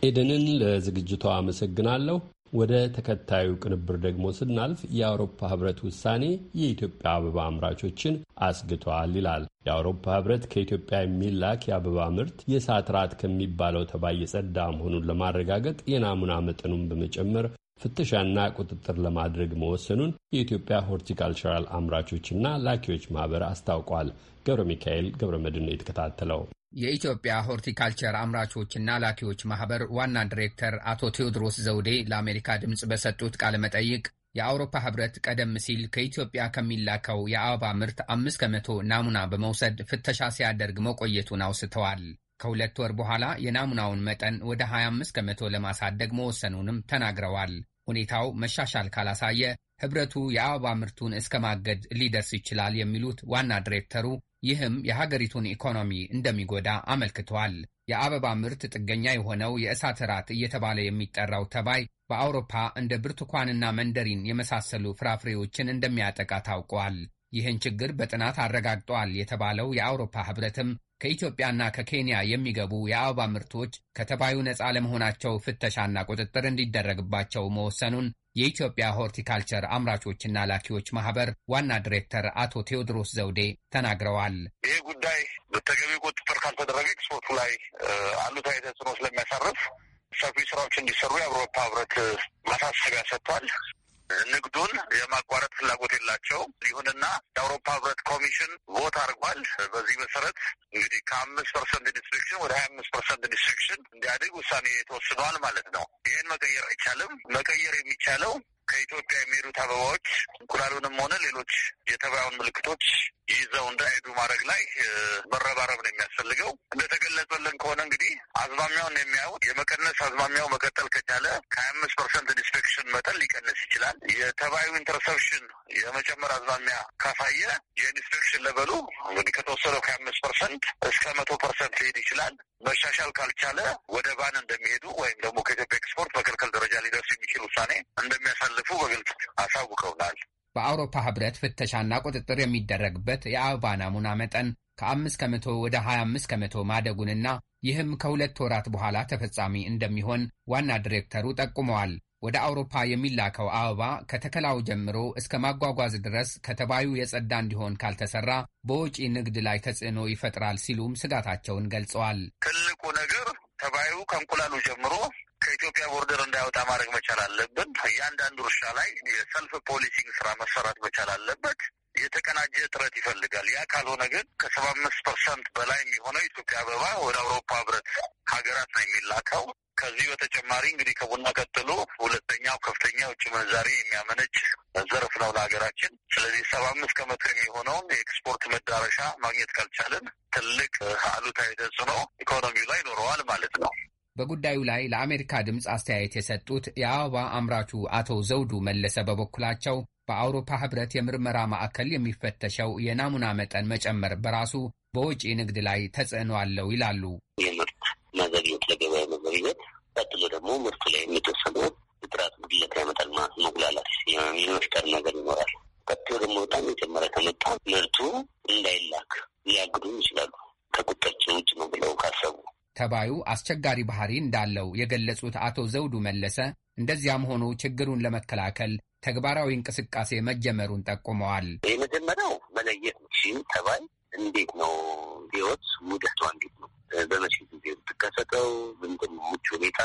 ኤደንን ለዝግጅቷ አመሰግናለሁ። ወደ ተከታዩ ቅንብር ደግሞ ስናልፍ የአውሮፓ ህብረት ውሳኔ የኢትዮጵያ አበባ አምራቾችን አስግቷል ይላል። የአውሮፓ ህብረት ከኢትዮጵያ የሚላክ የአበባ ምርት የሳት ራት ከሚባለው ተባይ የጸዳ መሆኑን ለማረጋገጥ የናሙና መጠኑን በመጨመር ፍተሻና ቁጥጥር ለማድረግ መወሰኑን የኢትዮጵያ ሆርቲካልቸራል አምራቾችና ላኪዎች ማህበር አስታውቋል። ገብረ ሚካኤል ገብረ መድን የተከታተለው። የኢትዮጵያ ሆርቲካልቸር አምራቾችና ላኪዎች ማህበር ዋና ዲሬክተር አቶ ቴዎድሮስ ዘውዴ ለአሜሪካ ድምፅ በሰጡት ቃለ መጠይቅ የአውሮፓ ህብረት ቀደም ሲል ከኢትዮጵያ ከሚላከው የአበባ ምርት አምስት ከመቶ ናሙና በመውሰድ ፍተሻ ሲያደርግ መቆየቱን አውስተዋል። ከሁለት ወር በኋላ የናሙናውን መጠን ወደ 25 ከመቶ ለማሳደግ መወሰኑንም ተናግረዋል። ሁኔታው መሻሻል ካላሳየ ህብረቱ የአበባ ምርቱን እስከ ማገድ ሊደርስ ይችላል የሚሉት ዋና ዲሬክተሩ ይህም የሀገሪቱን ኢኮኖሚ እንደሚጎዳ አመልክቷል። የአበባ ምርት ጥገኛ የሆነው የእሳት ራት እየተባለ የሚጠራው ተባይ በአውሮፓ እንደ ብርቱካንና መንደሪን የመሳሰሉ ፍራፍሬዎችን እንደሚያጠቃ ታውቋል። ይህን ችግር በጥናት አረጋግጧል የተባለው የአውሮፓ ህብረትም። ከኢትዮጵያና ከኬንያ የሚገቡ የአበባ ምርቶች ከተባዩ ነፃ ለመሆናቸው ፍተሻና ቁጥጥር እንዲደረግባቸው መወሰኑን የኢትዮጵያ ሆርቲካልቸር አምራቾችና ላኪዎች ማህበር ዋና ዲሬክተር አቶ ቴዎድሮስ ዘውዴ ተናግረዋል። ይህ ጉዳይ በተገቢ ቁጥጥር ካልተደረገ ኤክስፖርቱ ላይ አሉታዊ ተጽዕኖ ስለሚያሳርፍ ሰፊ ስራዎች እንዲሰሩ የአውሮፓ ህብረት ማሳሰቢያ ሰጥቷል። ንግዱን የማቋረጥ ፍላጎት የላቸው ይሁንና የአውሮፓ ህብረት ኮሚሽን ቮት አድርጓል። በዚህ መሰረት እንግዲህ ከአምስት ፐርሰንት ዲስትሪክሽን ወደ ሀያ አምስት ፐርሰንት ዲስትሪክሽን እንዲያድግ ውሳኔ ተወስኗል ማለት ነው። ይህን መቀየር አይቻልም። መቀየር የሚቻለው ከኢትዮጵያ የሚሄዱት አበባዎች እንቁላሉንም ሆነ ሌሎች የተባዩን ምልክቶች ይዘው እንዳይሄዱ ማድረግ ላይ መረባረብ ነው የሚያስፈልገው። እንደተገለጸልን ከሆነ እንግዲህ አዝማሚያውን የሚያዩት የመቀነስ አዝማሚያው መቀጠል ከቻለ ከሀያ አምስት ፐርሰንት ኢንስፔክሽን መጠን ሊቀንስ ይችላል። የተባዩ ኢንተርሰፕሽን የመጨመር አዝማሚያ ካሳየ የኢንስፔክሽን ለበሉ እንግዲህ ከተወሰነው ከሀያ አምስት ፐርሰንት እስከ መቶ ፐርሰንት ሊሄድ ይችላል። መሻሻል ካልቻለ ወደ ባን እንደሚሄዱ ወይም ደግሞ ከኢትዮጵያ ኤክስፖርት መከልከል ደረጃ ሊደርስ የሚችል ውሳኔ እንደሚያሳልፉ በግልጽ አሳውቀውናል። በአውሮፓ ህብረት ፍተሻና ቁጥጥር የሚደረግበት የአበባ ናሙና መጠን ከአምስት ከመቶ ወደ 25 ከመቶ ማደጉንና ይህም ከሁለት ወራት በኋላ ተፈጻሚ እንደሚሆን ዋና ዲሬክተሩ ጠቁመዋል። ወደ አውሮፓ የሚላከው አበባ ከተከላው ጀምሮ እስከ ማጓጓዝ ድረስ ከተባዩ የጸዳ እንዲሆን ካልተሰራ በውጪ ንግድ ላይ ተጽዕኖ ይፈጥራል ሲሉም ስጋታቸውን ገልጸዋል። ትልቁ ነገር ተባዩ ከእንቁላሉ ጀምሮ ከኢትዮጵያ ቦርደር እንዳይወጣ ማድረግ መቻል አለብን። እያንዳንዱ እርሻ ላይ የሰልፍ ፖሊሲንግ ስራ መሰራት መቻል አለበት። የተቀናጀ ጥረት ይፈልጋል። ያ ካልሆነ ግን ከሰባ አምስት ፐርሰንት በላይ የሚሆነው ኢትዮጵያ አበባ ወደ አውሮፓ ህብረት ሀገራት ነው የሚላከው። ከዚህ በተጨማሪ እንግዲህ ከቡና ቀጥሎ ሁለተኛው ከፍተኛ ውጭ ምንዛሬ የሚያመነጭ ዘርፍ ነው ለሀገራችን። ስለዚህ ሰባ አምስት ከመቶ የሚሆነውን የኤክስፖርት መዳረሻ ማግኘት ካልቻለን ትልቅ አሉታዊ ተጽዕኖ ኢኮኖሚው ላይ ይኖረዋል ማለት ነው። በጉዳዩ ላይ ለአሜሪካ ድምፅ አስተያየት የሰጡት የአበባ አምራቹ አቶ ዘውዱ መለሰ በበኩላቸው በአውሮፓ ህብረት የምርመራ ማዕከል የሚፈተሸው የናሙና መጠን መጨመር በራሱ በውጪ ንግድ ላይ ተጽዕኖ አለው ይላሉ። የምርት መዘግየት ለገበያ መዘግየት፣ ቀጥሎ ደግሞ ምርቱ ላይ የሚተሰሙ ጥራት ጉድለት ያመጣል ማለት መጉላላት የመፍጠር ነገር ይኖራል። ቀጥሎ ደግሞ በጣም የጨመረ ከመጣ ምርቱ እንዳይላክ ሊያግዱ ይችላሉ። ከቁጥጥራችን ውጭ ነው ብለው ካሰቡ ተባዩ አስቸጋሪ ባህሪ እንዳለው የገለጹት አቶ ዘውዱ መለሰ እንደዚያም ሆኖ ችግሩን ለመከላከል ተግባራዊ እንቅስቃሴ መጀመሩን ጠቁመዋል። የመጀመሪያው መለየት ነው። ተባይ እንዴት ነው ህይወት ሙደቷ እንዴት ነው በመቼ ጊዜ የምትከሰተው ምንድን ምቹ ሁኔታ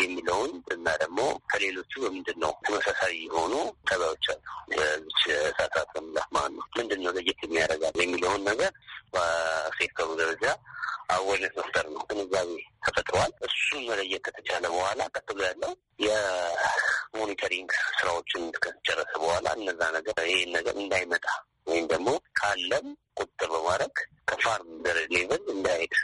የሚለውን እና ደግሞ ከሌሎቹ በምንድን ነው ተመሳሳይ የሆኑ ተባዮች አሉ የዚች ሳሳት ምላት ማለት ነው ምንድን ነው ለየት የሚያደርጋል የሚለውን ነገር በሴክተሩ ደረጃ አወነት መፍጠር ነው። ግንዛቤ ተፈጥሯል። እሱን መለየት ከተቻለ በኋላ ቀጥሎ ያለው የሞኒተሪንግ ስራዎችን ከተጨረሰ በኋላ እነዛ ነገር ይህን ነገር እንዳይመጣ ወይም ደግሞ ካለም ቁጥጥር በማድረግ ከፋርም ሌቭል እንዳይሄድ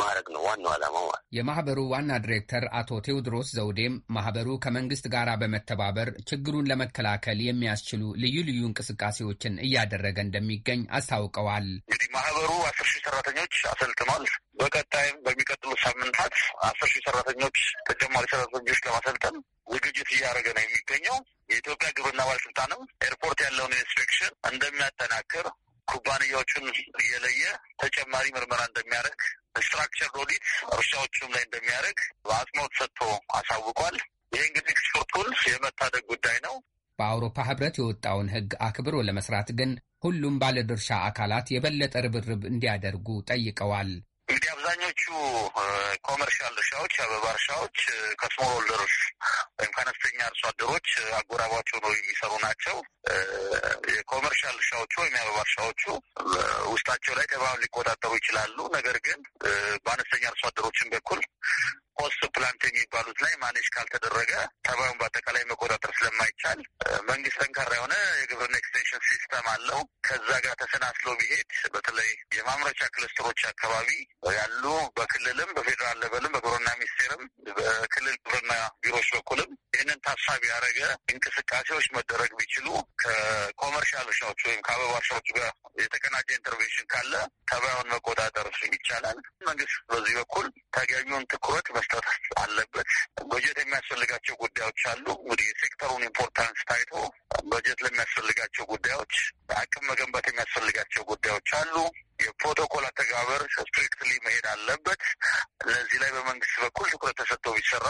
ማድረግ ነው ዋናው ዓላማው። የማህበሩ ዋና ዲሬክተር አቶ ቴዎድሮስ ዘውዴም ማህበሩ ከመንግስት ጋር በመተባበር ችግሩን ለመከላከል የሚያስችሉ ልዩ ልዩ እንቅስቃሴዎችን እያደረገ እንደሚገኝ አስታውቀዋል። እንግዲህ ማህበሩ አስር ሺህ ሰራተኞች አሰልጥኗል። በቀጣይም በሚቀጥሉት ሳምንታት አስር ሺህ ሰራተኞች ተጨማሪ ሰራተኞች ለማሰልጠን ዝግጅት እያደረገ ነው የሚገኘው። የኢትዮጵያ ግብርና ባለስልጣንም ኤርፖርት ያለውን ኢንስፔክሽን እንደሚያጠናክር ኩባንያዎቹን እየለየ ተጨማሪ ምርመራ እንደሚያደርግ ስትራክቸር ኦዲት እርሻዎቹም ላይ እንደሚያደርግ በአጽንኦት ሰጥቶ አሳውቋል። ይህ እንግዲህ ኤክስፖርቱን የመታደግ ጉዳይ ነው። በአውሮፓ ህብረት የወጣውን ህግ አክብሮ ለመስራት ግን ሁሉም ባለድርሻ አካላት የበለጠ ርብርብ እንዲያደርጉ ጠይቀዋል። እንግዲህ አብዛኞቹ ኮመርሻል እርሻዎች፣ አበባ እርሻዎች ከስሞል ሆልደሮች ወይም ከአነስተኛ አርሶ አደሮች አጎራባቸው ነው የሚሰሩ ናቸው። የኮመርሻል እርሻዎቹ ወይም የአበባ እርሻዎቹ ውስጣቸው ላይ ገበያውን ሊቆጣጠሩ ይችላሉ። ነገር ግን በአነስተኛ አርሶ አደሮችን በኩል ሆስት ፕላንት የሚባሉት ላይ ማኔጅ ካልተደረገ ተባዩን በአጠቃላይ መቆጣጠር ስለማይቻል መንግስት ጠንካራ የሆነ የግብርና ኤክስቴንሽን ሲስተም አለው። ከዛ ጋር ተሰናስሎ ቢሄድ በተለይ የማምረቻ ክለስተሮች አካባቢ ያሉ በክልልም በፌዴራል ለበልም በግብርና ሚኒስቴርም በክልል ግብርና ቢሮዎች በኩልም ይህንን ታሳቢ ያደረገ እንቅስቃሴዎች መደረግ ቢችሉ ከኮመርሻል እርሻዎች ወይም ከአበባ እርሻዎች ጋር የተቀናጀ ኢንተርቬንሽን ካለ ተባዩን መቆጣጠር ይቻላል። መንግስት በዚህ በኩል ተገቢውን ትኩረት መስጠት አለበት። በጀት የሚያስፈልጋቸው ጉዳዮች አሉ። እንግዲህ የሴክተሩን ኢምፖርታንስ ታይቶ በጀት ለሚያስፈልጋቸው ጉዳዮች፣ አቅም መገንባት የሚያስፈልጋቸው ጉዳዮች አሉ። የፕሮቶኮል አተገባበር ስትሪክትሊ መሄድ አለበት። ለዚህ ላይ በመንግስት በኩል ትኩረት ተሰጥቶ ቢሰራ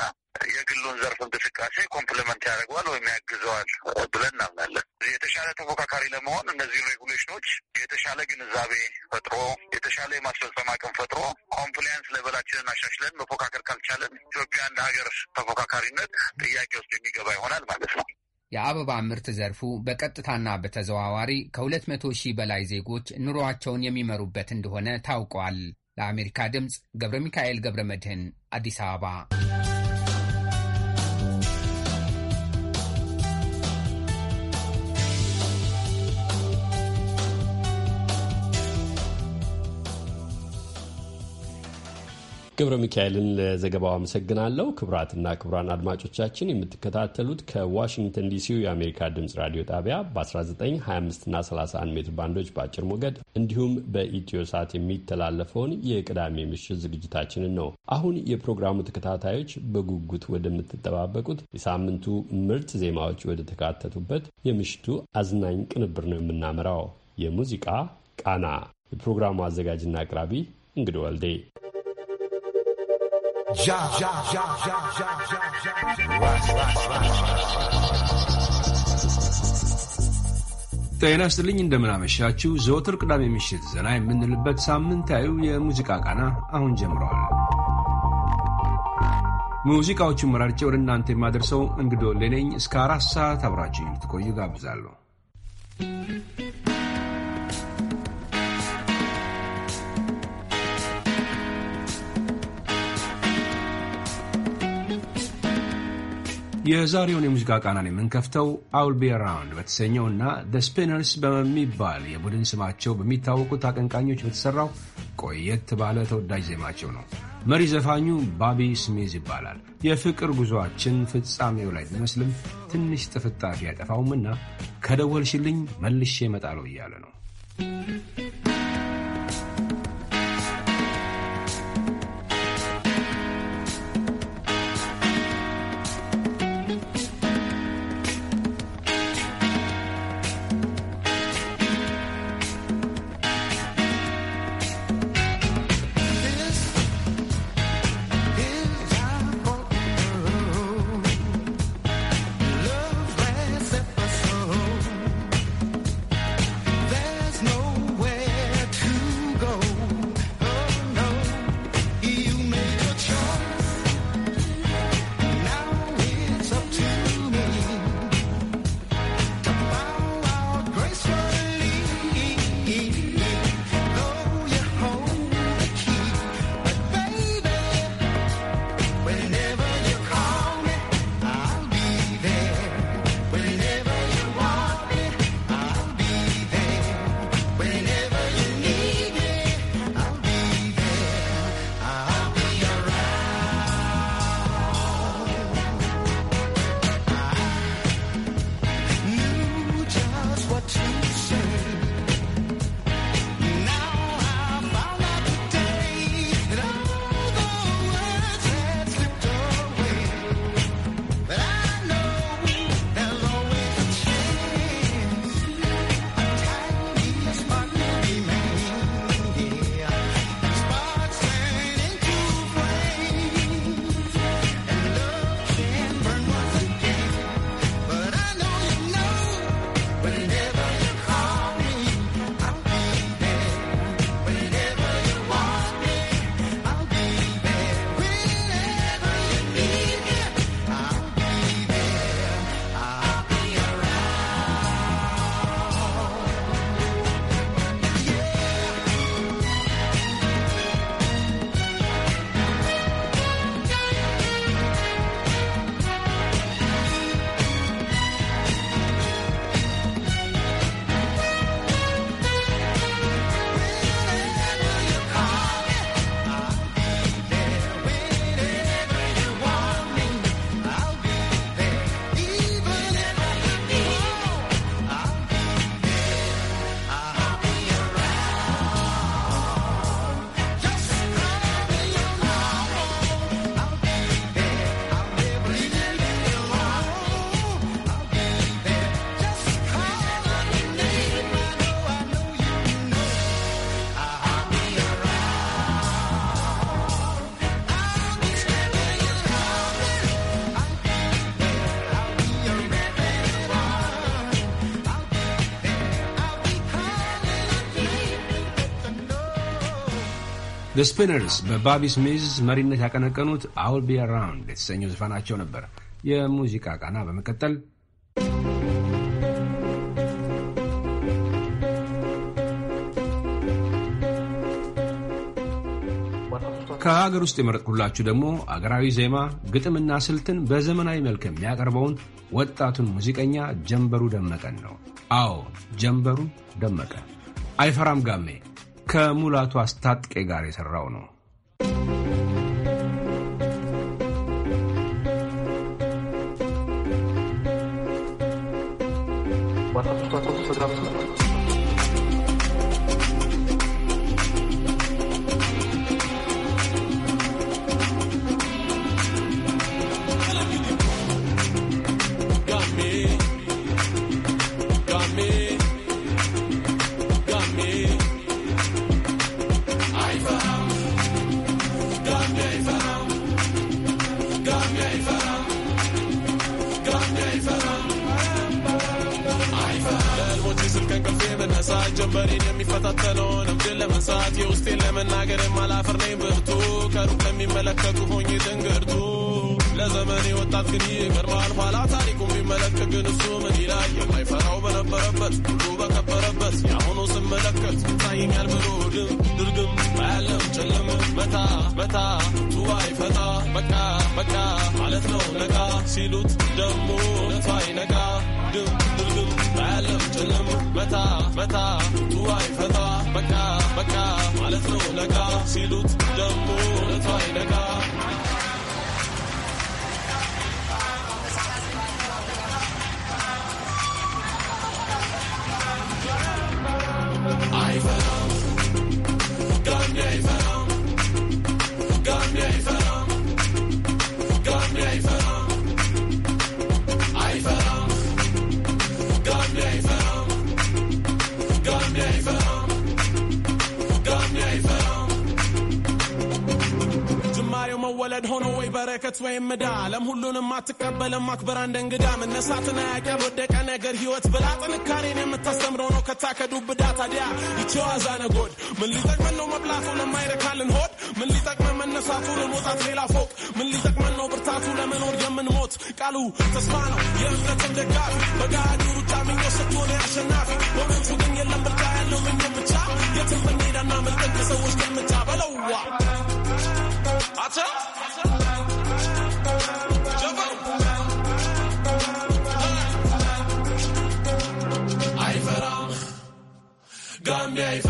የግሉን ዘርፍ እንቅስቃሴ ኮምፕሊመንት ያደርገዋል ወይም ያግዘዋል ብለን እናምናለን። የተሻለ ተፎካካሪ ለመሆን እነዚህ ሬጉሌሽኖች የተሻለ ግንዛቤ ፈጥሮ የተሻለ የማስፈጸም አቅም ፈጥሮ ኮምፕሊያንስ ሌቨላችንን አሻሽለን መፎካከር ካልቻለን ኢትዮጵያ እንደ ሀገር ተፎካካሪነት ጥያቄ ውስጥ የሚገባ ይሆናል ማለት ነው። የአበባ ምርት ዘርፉ በቀጥታና በተዘዋዋሪ ከ200 ሺህ በላይ ዜጎች ኑሮአቸውን የሚመሩበት እንደሆነ ታውቋል። ለአሜሪካ ድምፅ ገብረ ሚካኤል ገብረ መድህን አዲስ አበባ ገብረ ሚካኤልን ለዘገባው አመሰግናለሁ። ክቡራትና ክቡራን አድማጮቻችን የምትከታተሉት ከዋሽንግተን ዲሲው የአሜሪካ ድምፅ ራዲዮ ጣቢያ በ1925 እና 31 ሜትር ባንዶች በአጭር ሞገድ እንዲሁም በኢትዮ ሳት የሚተላለፈውን የቅዳሜ ምሽት ዝግጅታችንን ነው። አሁን የፕሮግራሙ ተከታታዮች በጉጉት ወደምትጠባበቁት የሳምንቱ ምርጥ ዜማዎች ወደ ተካተቱበት የምሽቱ አዝናኝ ቅንብር ነው የምናመራው። የሙዚቃ ቃና የፕሮግራሙ አዘጋጅና አቅራቢ እንግዲ ወልዴ Ja, ja, ja, ja, ja, ja, ja. ጤና ይስጥልኝ እንደምናመሻችሁ። ዘወትር ቅዳሜ ምሽት ዘና የምንልበት ሳምንታዊው የሙዚቃ ቃና አሁን ጀምረዋል። ሙዚቃዎቹን መራርጬ ወደ እናንተ የማደርሰው እንግዶ ሌነኝ እስከ አራት ሰዓት አብራችሁ ልትቆዩ ጋብዛለሁ። የዛሬውን የሙዚቃ ቃናን የምንከፍተው አውል ቢ አራውንድ በተሰኘውና ደ ስፒነርስ በሚባል የቡድን ስማቸው በሚታወቁት አቀንቃኞች በተሠራው ቆየት ባለ ተወዳጅ ዜማቸው ነው። መሪ ዘፋኙ ባቢ ስሜዝ ይባላል። የፍቅር ጉዞአችን ፍጻሜው ላይ ቢመስልም ትንሽ ጥፍጣፊ ያጠፋውምና ከደወልሽልኝ መልሼ እመጣለሁ እያለ ነው። ስፒነርስ በባቢ ስሚዝ መሪነት ያቀነቀኑት አውል ቢ አራውንድ የተሰኘው ዘፈናቸው ነበር። የሙዚቃ ቃና በመቀጠል ከሀገር ውስጥ የመረጥኩላችሁ ደግሞ አገራዊ ዜማ ግጥምና ስልትን በዘመናዊ መልክ የሚያቀርበውን ወጣቱን ሙዚቀኛ ጀንበሩ ደመቀን ነው። አዎ ጀንበሩ ደመቀ አይፈራም ጋሜ ከሙላቱ አስታጥቄ ጋር የሰራው ነው። What ለመሳት ጀንበሬን የሚፈታተነውን እብድን ለመንሳት የውስጤን ለመናገር የማላፍር ነኝ ብርቱ ከሩቅ የሚመለከቱ ሆኜ ትንግርቱ ለዘመኔ ወጣት ግን ይቀድማል ኋላ ታሪኩን የሚመለከት ግን እሱ ምን ይላል የማይፈራው በነበረበት ሁሉ በከበረበት የአሁኑ ስመለከት ይታየኛል ብሎ ድም ድርግም ባያለም ጨልም መታ መታ ቱዋይ ፈታ በቃ በቃ ማለት ነው ነቃ ሲሉት ደግሞ ነቷ ይነቃ ድም ያለው ጨለማ መታ መታ ዋይ ፈታ በቃ በቃ ማለት ነው ለጋ ሲሉት ደግሞ እለቷ ለጋ በረከት ወይም ዕዳ ዓለም ሁሉንም አትቀበልም ማክበር እንደ እንግዳ መነሳትን አያውቅም ወደቀ ነገር ህይወት ብላ ጥንካሬን የምታስተምረው ነው ከታከዱ ብዳ ታዲያ ይቸዋዛ ነጎድ ምን ሊጠቅመን ነው መብላቱ ለማይረካልን ሆድ ምን ሊጠቅመን መነሳቱ ለመውጣት ሌላ ፎቅ ምን ሊጠቅመን ነው ብርታቱ ለመኖር የምንሞት ቃሉ ተስፋ ነው የእምነትን ደጋፊ በጋዱ ሩጫ ምኞ ስትሆነ አሸናፊ በእውነቱ ግን የለም ብርታ ያለው ምኞ ብቻ የትም ብንሄዳና ምልጠን ከሰዎች ከምታ በለዋ አተ Dá-me aí,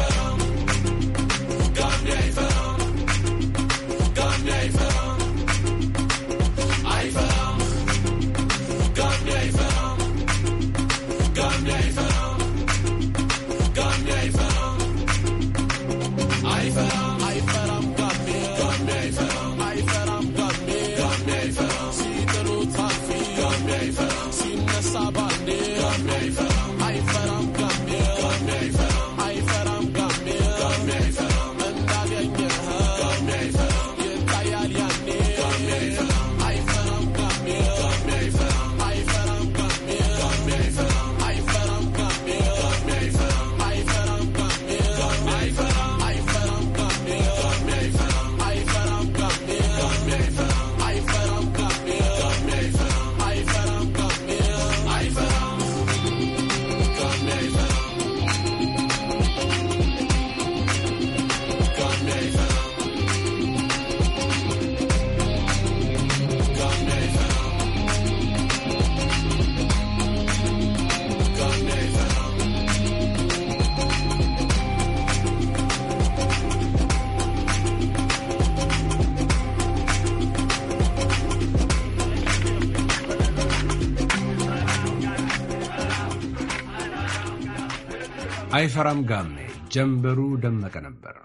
አይፈራም ጋሜ ጀንበሩ ደመቀ ነበር።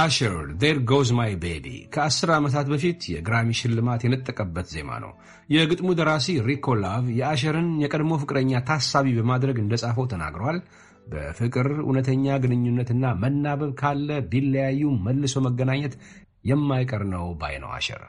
አሽር ዴር ጎዝ ማይ ቤቢ ከአስር ዓመታት በፊት የግራሚ ሽልማት የነጠቀበት ዜማ ነው። የግጥሙ ደራሲ ሪኮ ላቭ የአሸርን የቀድሞ ፍቅረኛ ታሳቢ በማድረግ እንደጻፈው ተናግረዋል። በፍቅር እውነተኛ ግንኙነትና መናበብ ካለ ቢለያዩ መልሶ መገናኘት የማይቀር ነው ባይ ነው አሸር።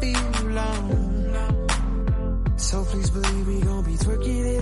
leave alone. So please believe we gon' be twerking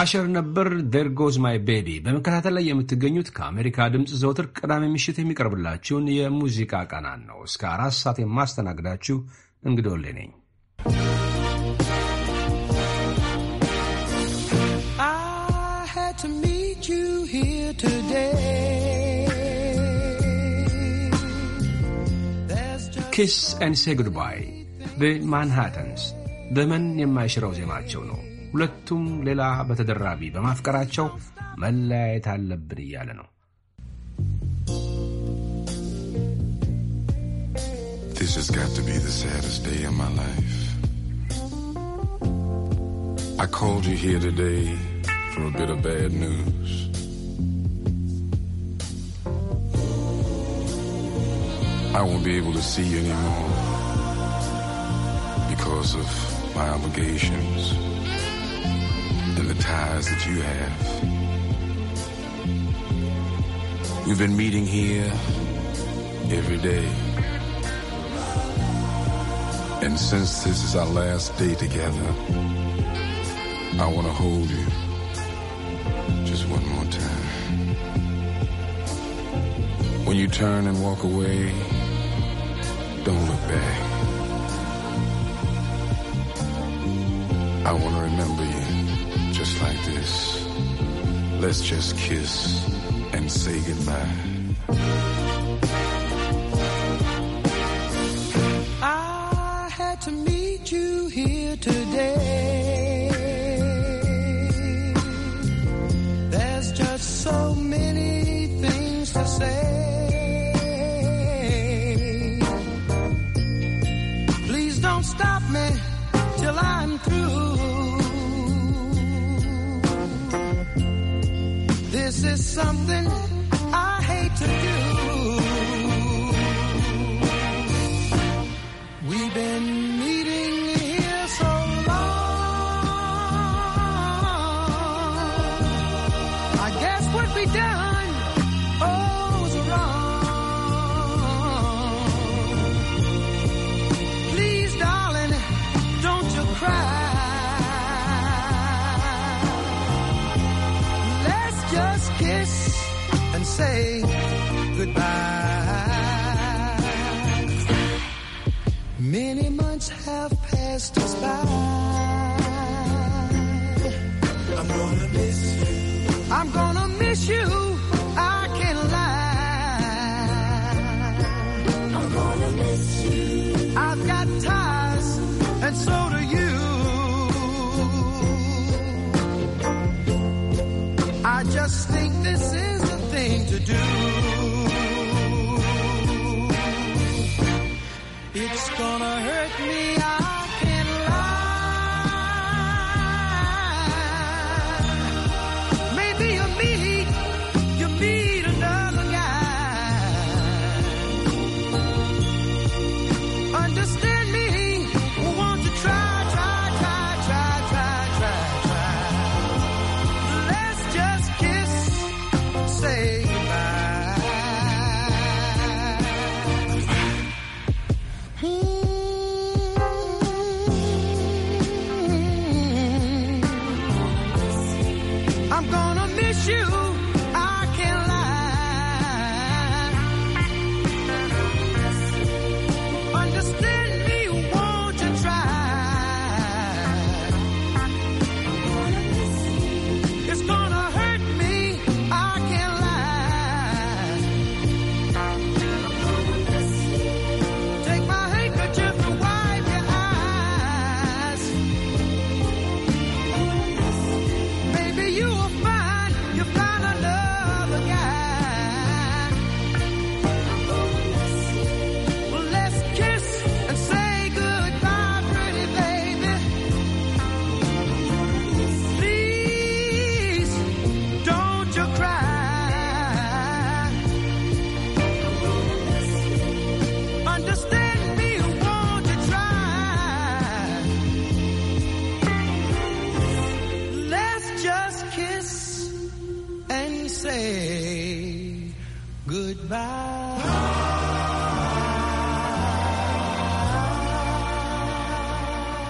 አሸር ነበር። ዴር ጎዝ ማይ ቤቢ። በመከታተል ላይ የምትገኙት ከአሜሪካ ድምፅ ዘውትር ቅዳሜ ምሽት የሚቀርብላችሁን የሙዚቃ ቀናን ነው። እስከ አራት ሰዓት የማስተናግዳችሁ እንግዶልኔ ነኝ። ኪስ ኤንድ ሴ ጉድባይ በማንሃተንስ ዘመን የማይሽረው ዜማቸው ነው። ሁለቱም ሌላ በተደራቢ በማፍቀራቸው መለያየት አለብን እያለ ነው። This has got to be the saddest day of my life. I called you here today for a bit of bad news. I won't be able to see you anymore because of my obligations than the ties that you have. We've been meeting here every day. And since this is our last day together, I want to hold you just one more time. When you turn and walk away, don't look back. I want to remember like this, let's just kiss and say goodbye. I had to meet you here today. is something I hate to do.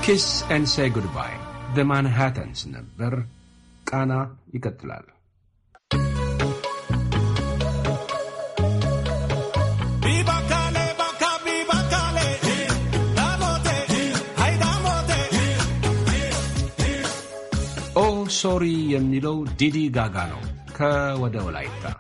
Kiss and say goodbye, The Manhattan's number karena ikat lalu. sorry, yang Didi gagano, kawadaolaita.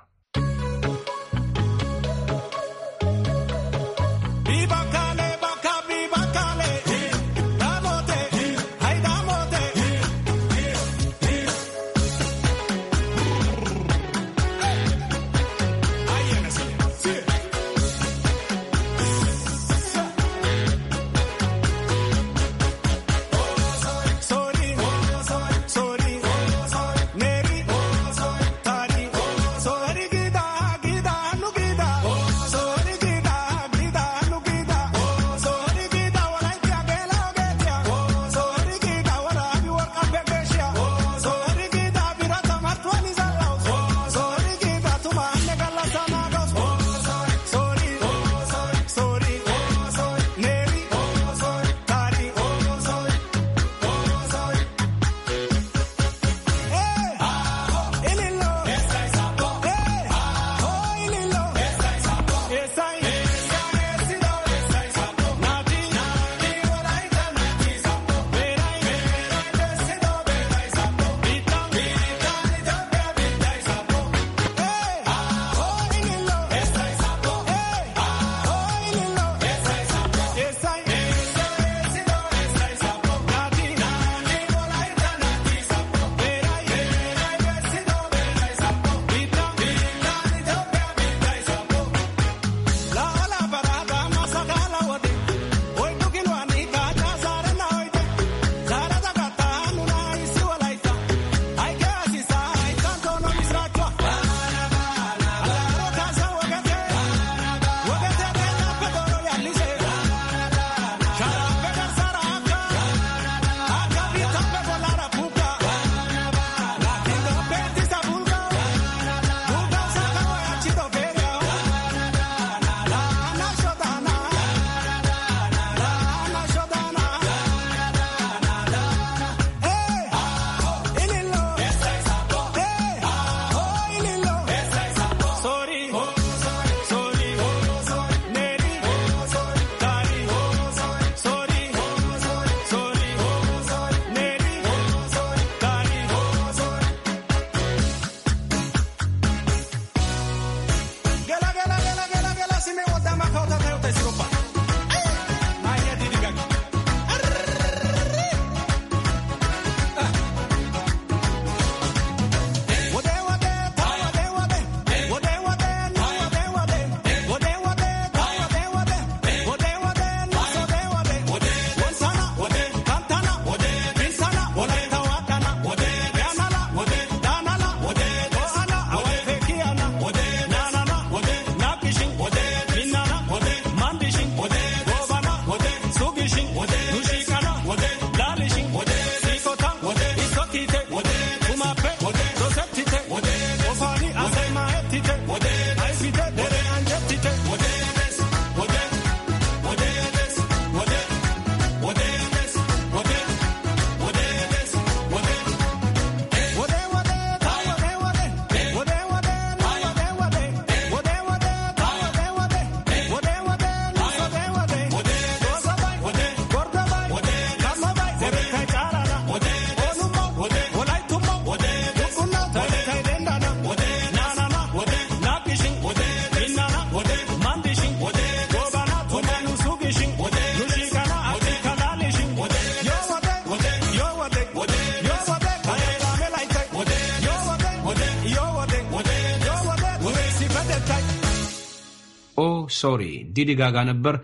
ሶሪ ዲዲ ጋጋ ነበር።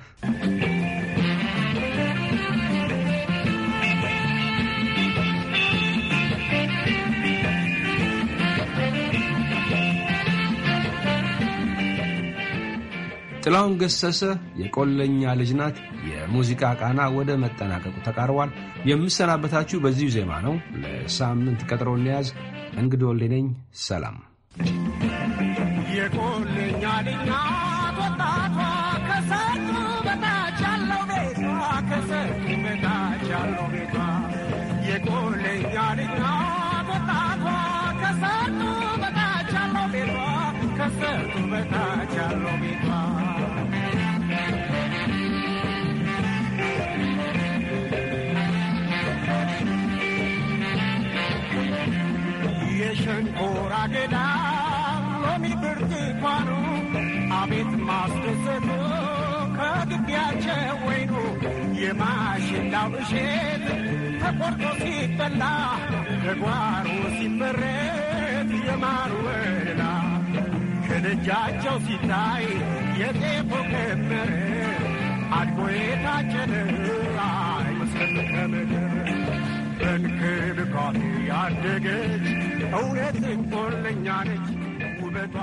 ጥላሁን ገሰሰ የቆለኛ ልጅ ናት። የሙዚቃ ቃና ወደ መጠናቀቁ ተቃርቧል። የምሰናበታችሁ በዚሁ ዜማ ነው። ለሳምንት ቀጥሮ እንያዝ። እንግዶ ሌነኝ ሰላም የቆለኛ ልጅ ናት አገዳ ሎሚ ብርቱካኑ አቤት ማስደሰቱ ከግቢያቸው ወይኑ የማሽላው እሸት ተቆርጦ ሲበላ ተጓሮ ሲመረት የማር ወለላ ከደጃቸው ሲታይ የጤፎ ክምር አድጎ የታጨደ አይመስልም ከምድር በክብካቴ ያደገች እውነት ቆለኛ ነች ውበቷ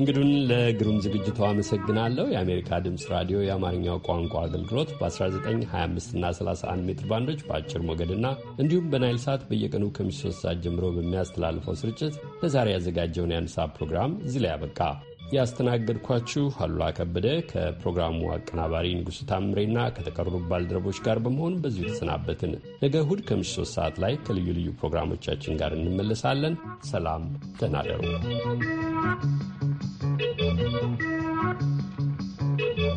እንግዱን ለግሩም ዝግጅቱ አመሰግናለሁ። የአሜሪካ ድምፅ ራዲዮ የአማርኛው ቋንቋ አገልግሎት በ1925 እና 31 ሜትር ባንዶች በአጭር ሞገድና እንዲሁም በናይል ሳት በየቀኑ ከምሽቱ 3 ሰዓት ጀምሮ በሚያስተላልፈው ስርጭት ለዛሬ ያዘጋጀውን የአንድ ሰዓት ፕሮግራም እዚህ ላይ ያበቃ። ያስተናገድኳችሁ አሉላ ከበደ ከፕሮግራሙ አቀናባሪ ንጉሥ ታምሬና ከተቀሩ ባልደረቦች ጋር በመሆን በዚሁ የተሰናበትን። ነገ እሁድ ከምሽት ሶስት ሰዓት ላይ ከልዩ ልዩ ፕሮግራሞቻችን ጋር እንመለሳለን። ሰላም፣ ደህና እደሩ።